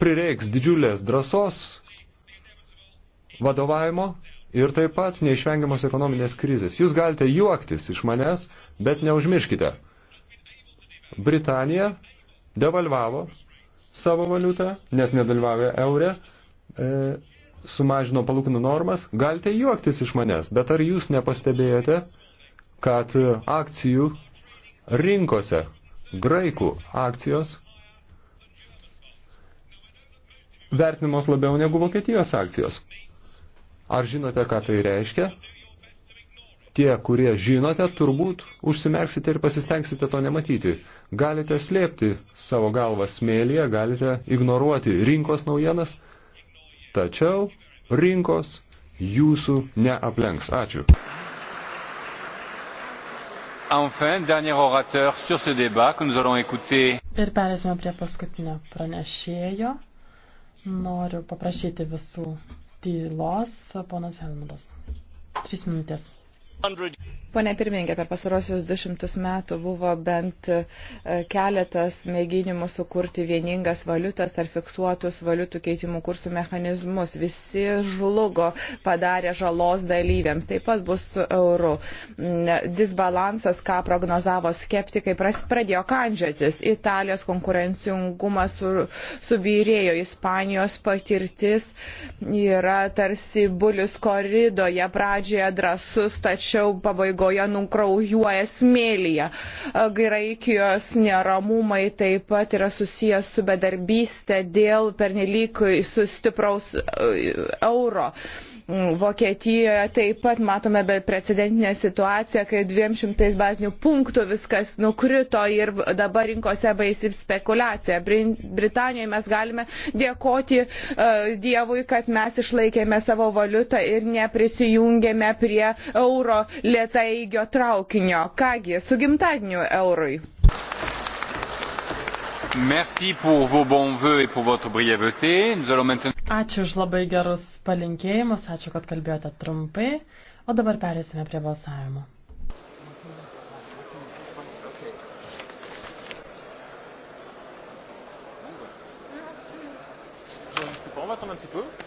prireiks didžiulės drąsos, vadovavimo ir taip pat neišvengiamos ekonominės krizės. Jūs galite juoktis iš manęs, bet neužmirškite. Britanija devalvavo savo valiutą, nes nedalyvauja eurė, e, sumažino palūkanų normas, galite juoktis iš manęs, bet ar jūs nepastebėjote, kad akcijų rinkose graikų akcijos vertinimos labiau negu Vokietijos akcijos? Ar žinote, ką tai reiškia? Tie, kurie žinote, turbūt užsimerksite ir pasistengsite to nematyti. Galite slėpti savo galvą smėlyje, galite ignoruoti rinkos naujienas, tačiau rinkos jūsų neaplenks. Ačiū. Enfin, dernier orateur sur ce débat que nous allons écouter. Ir perėsime prie paskutinio pranešėjo. Noriu paprašyti visų tylos, ponas Helmutas. Tris minutės. Pone pirmininkė, per pasarosius 200 metų buvo bent e, keletas mėginimų sukurti vieningas valiutas ar fiksuotus valiutų keitimų kursų mechanizmus. Visi žlugo, padarė žalos dalyviams. Taip pat bus su euru. Mm, disbalansas, ką prognozavo skeptikai, pradėjo kandžiotis. Italijos konkurencingumas subyrėjo, Ispanijos patirtis yra tarsi bulius koridoje, pradžioje drasus, tačiau tačiau pabaigoje nukraujuoja smėlyje. E, Graikijos neramumai taip pat yra susijęs su bedarbystė dėl pernelyg sustipraus e, euro. Mm, Vokietijoje taip pat matome beprecedentinę situaciją, kai 200 bazinių punktų viskas nukrito ir dabar rinkose baisi spekulacija. Britanijoje mes galime dėkoti uh, Dievui, kad mes išlaikėme savo valiutą ir neprisijungėme prie euro lėtaigio traukinio. Kągi, su gimtadieniu eurui. Ačiū už labai gerus palinkėjimus, ačiū, kad kalbėjote trumpai, o dabar perėsime prie balsavimo. On va attendre un petit peu.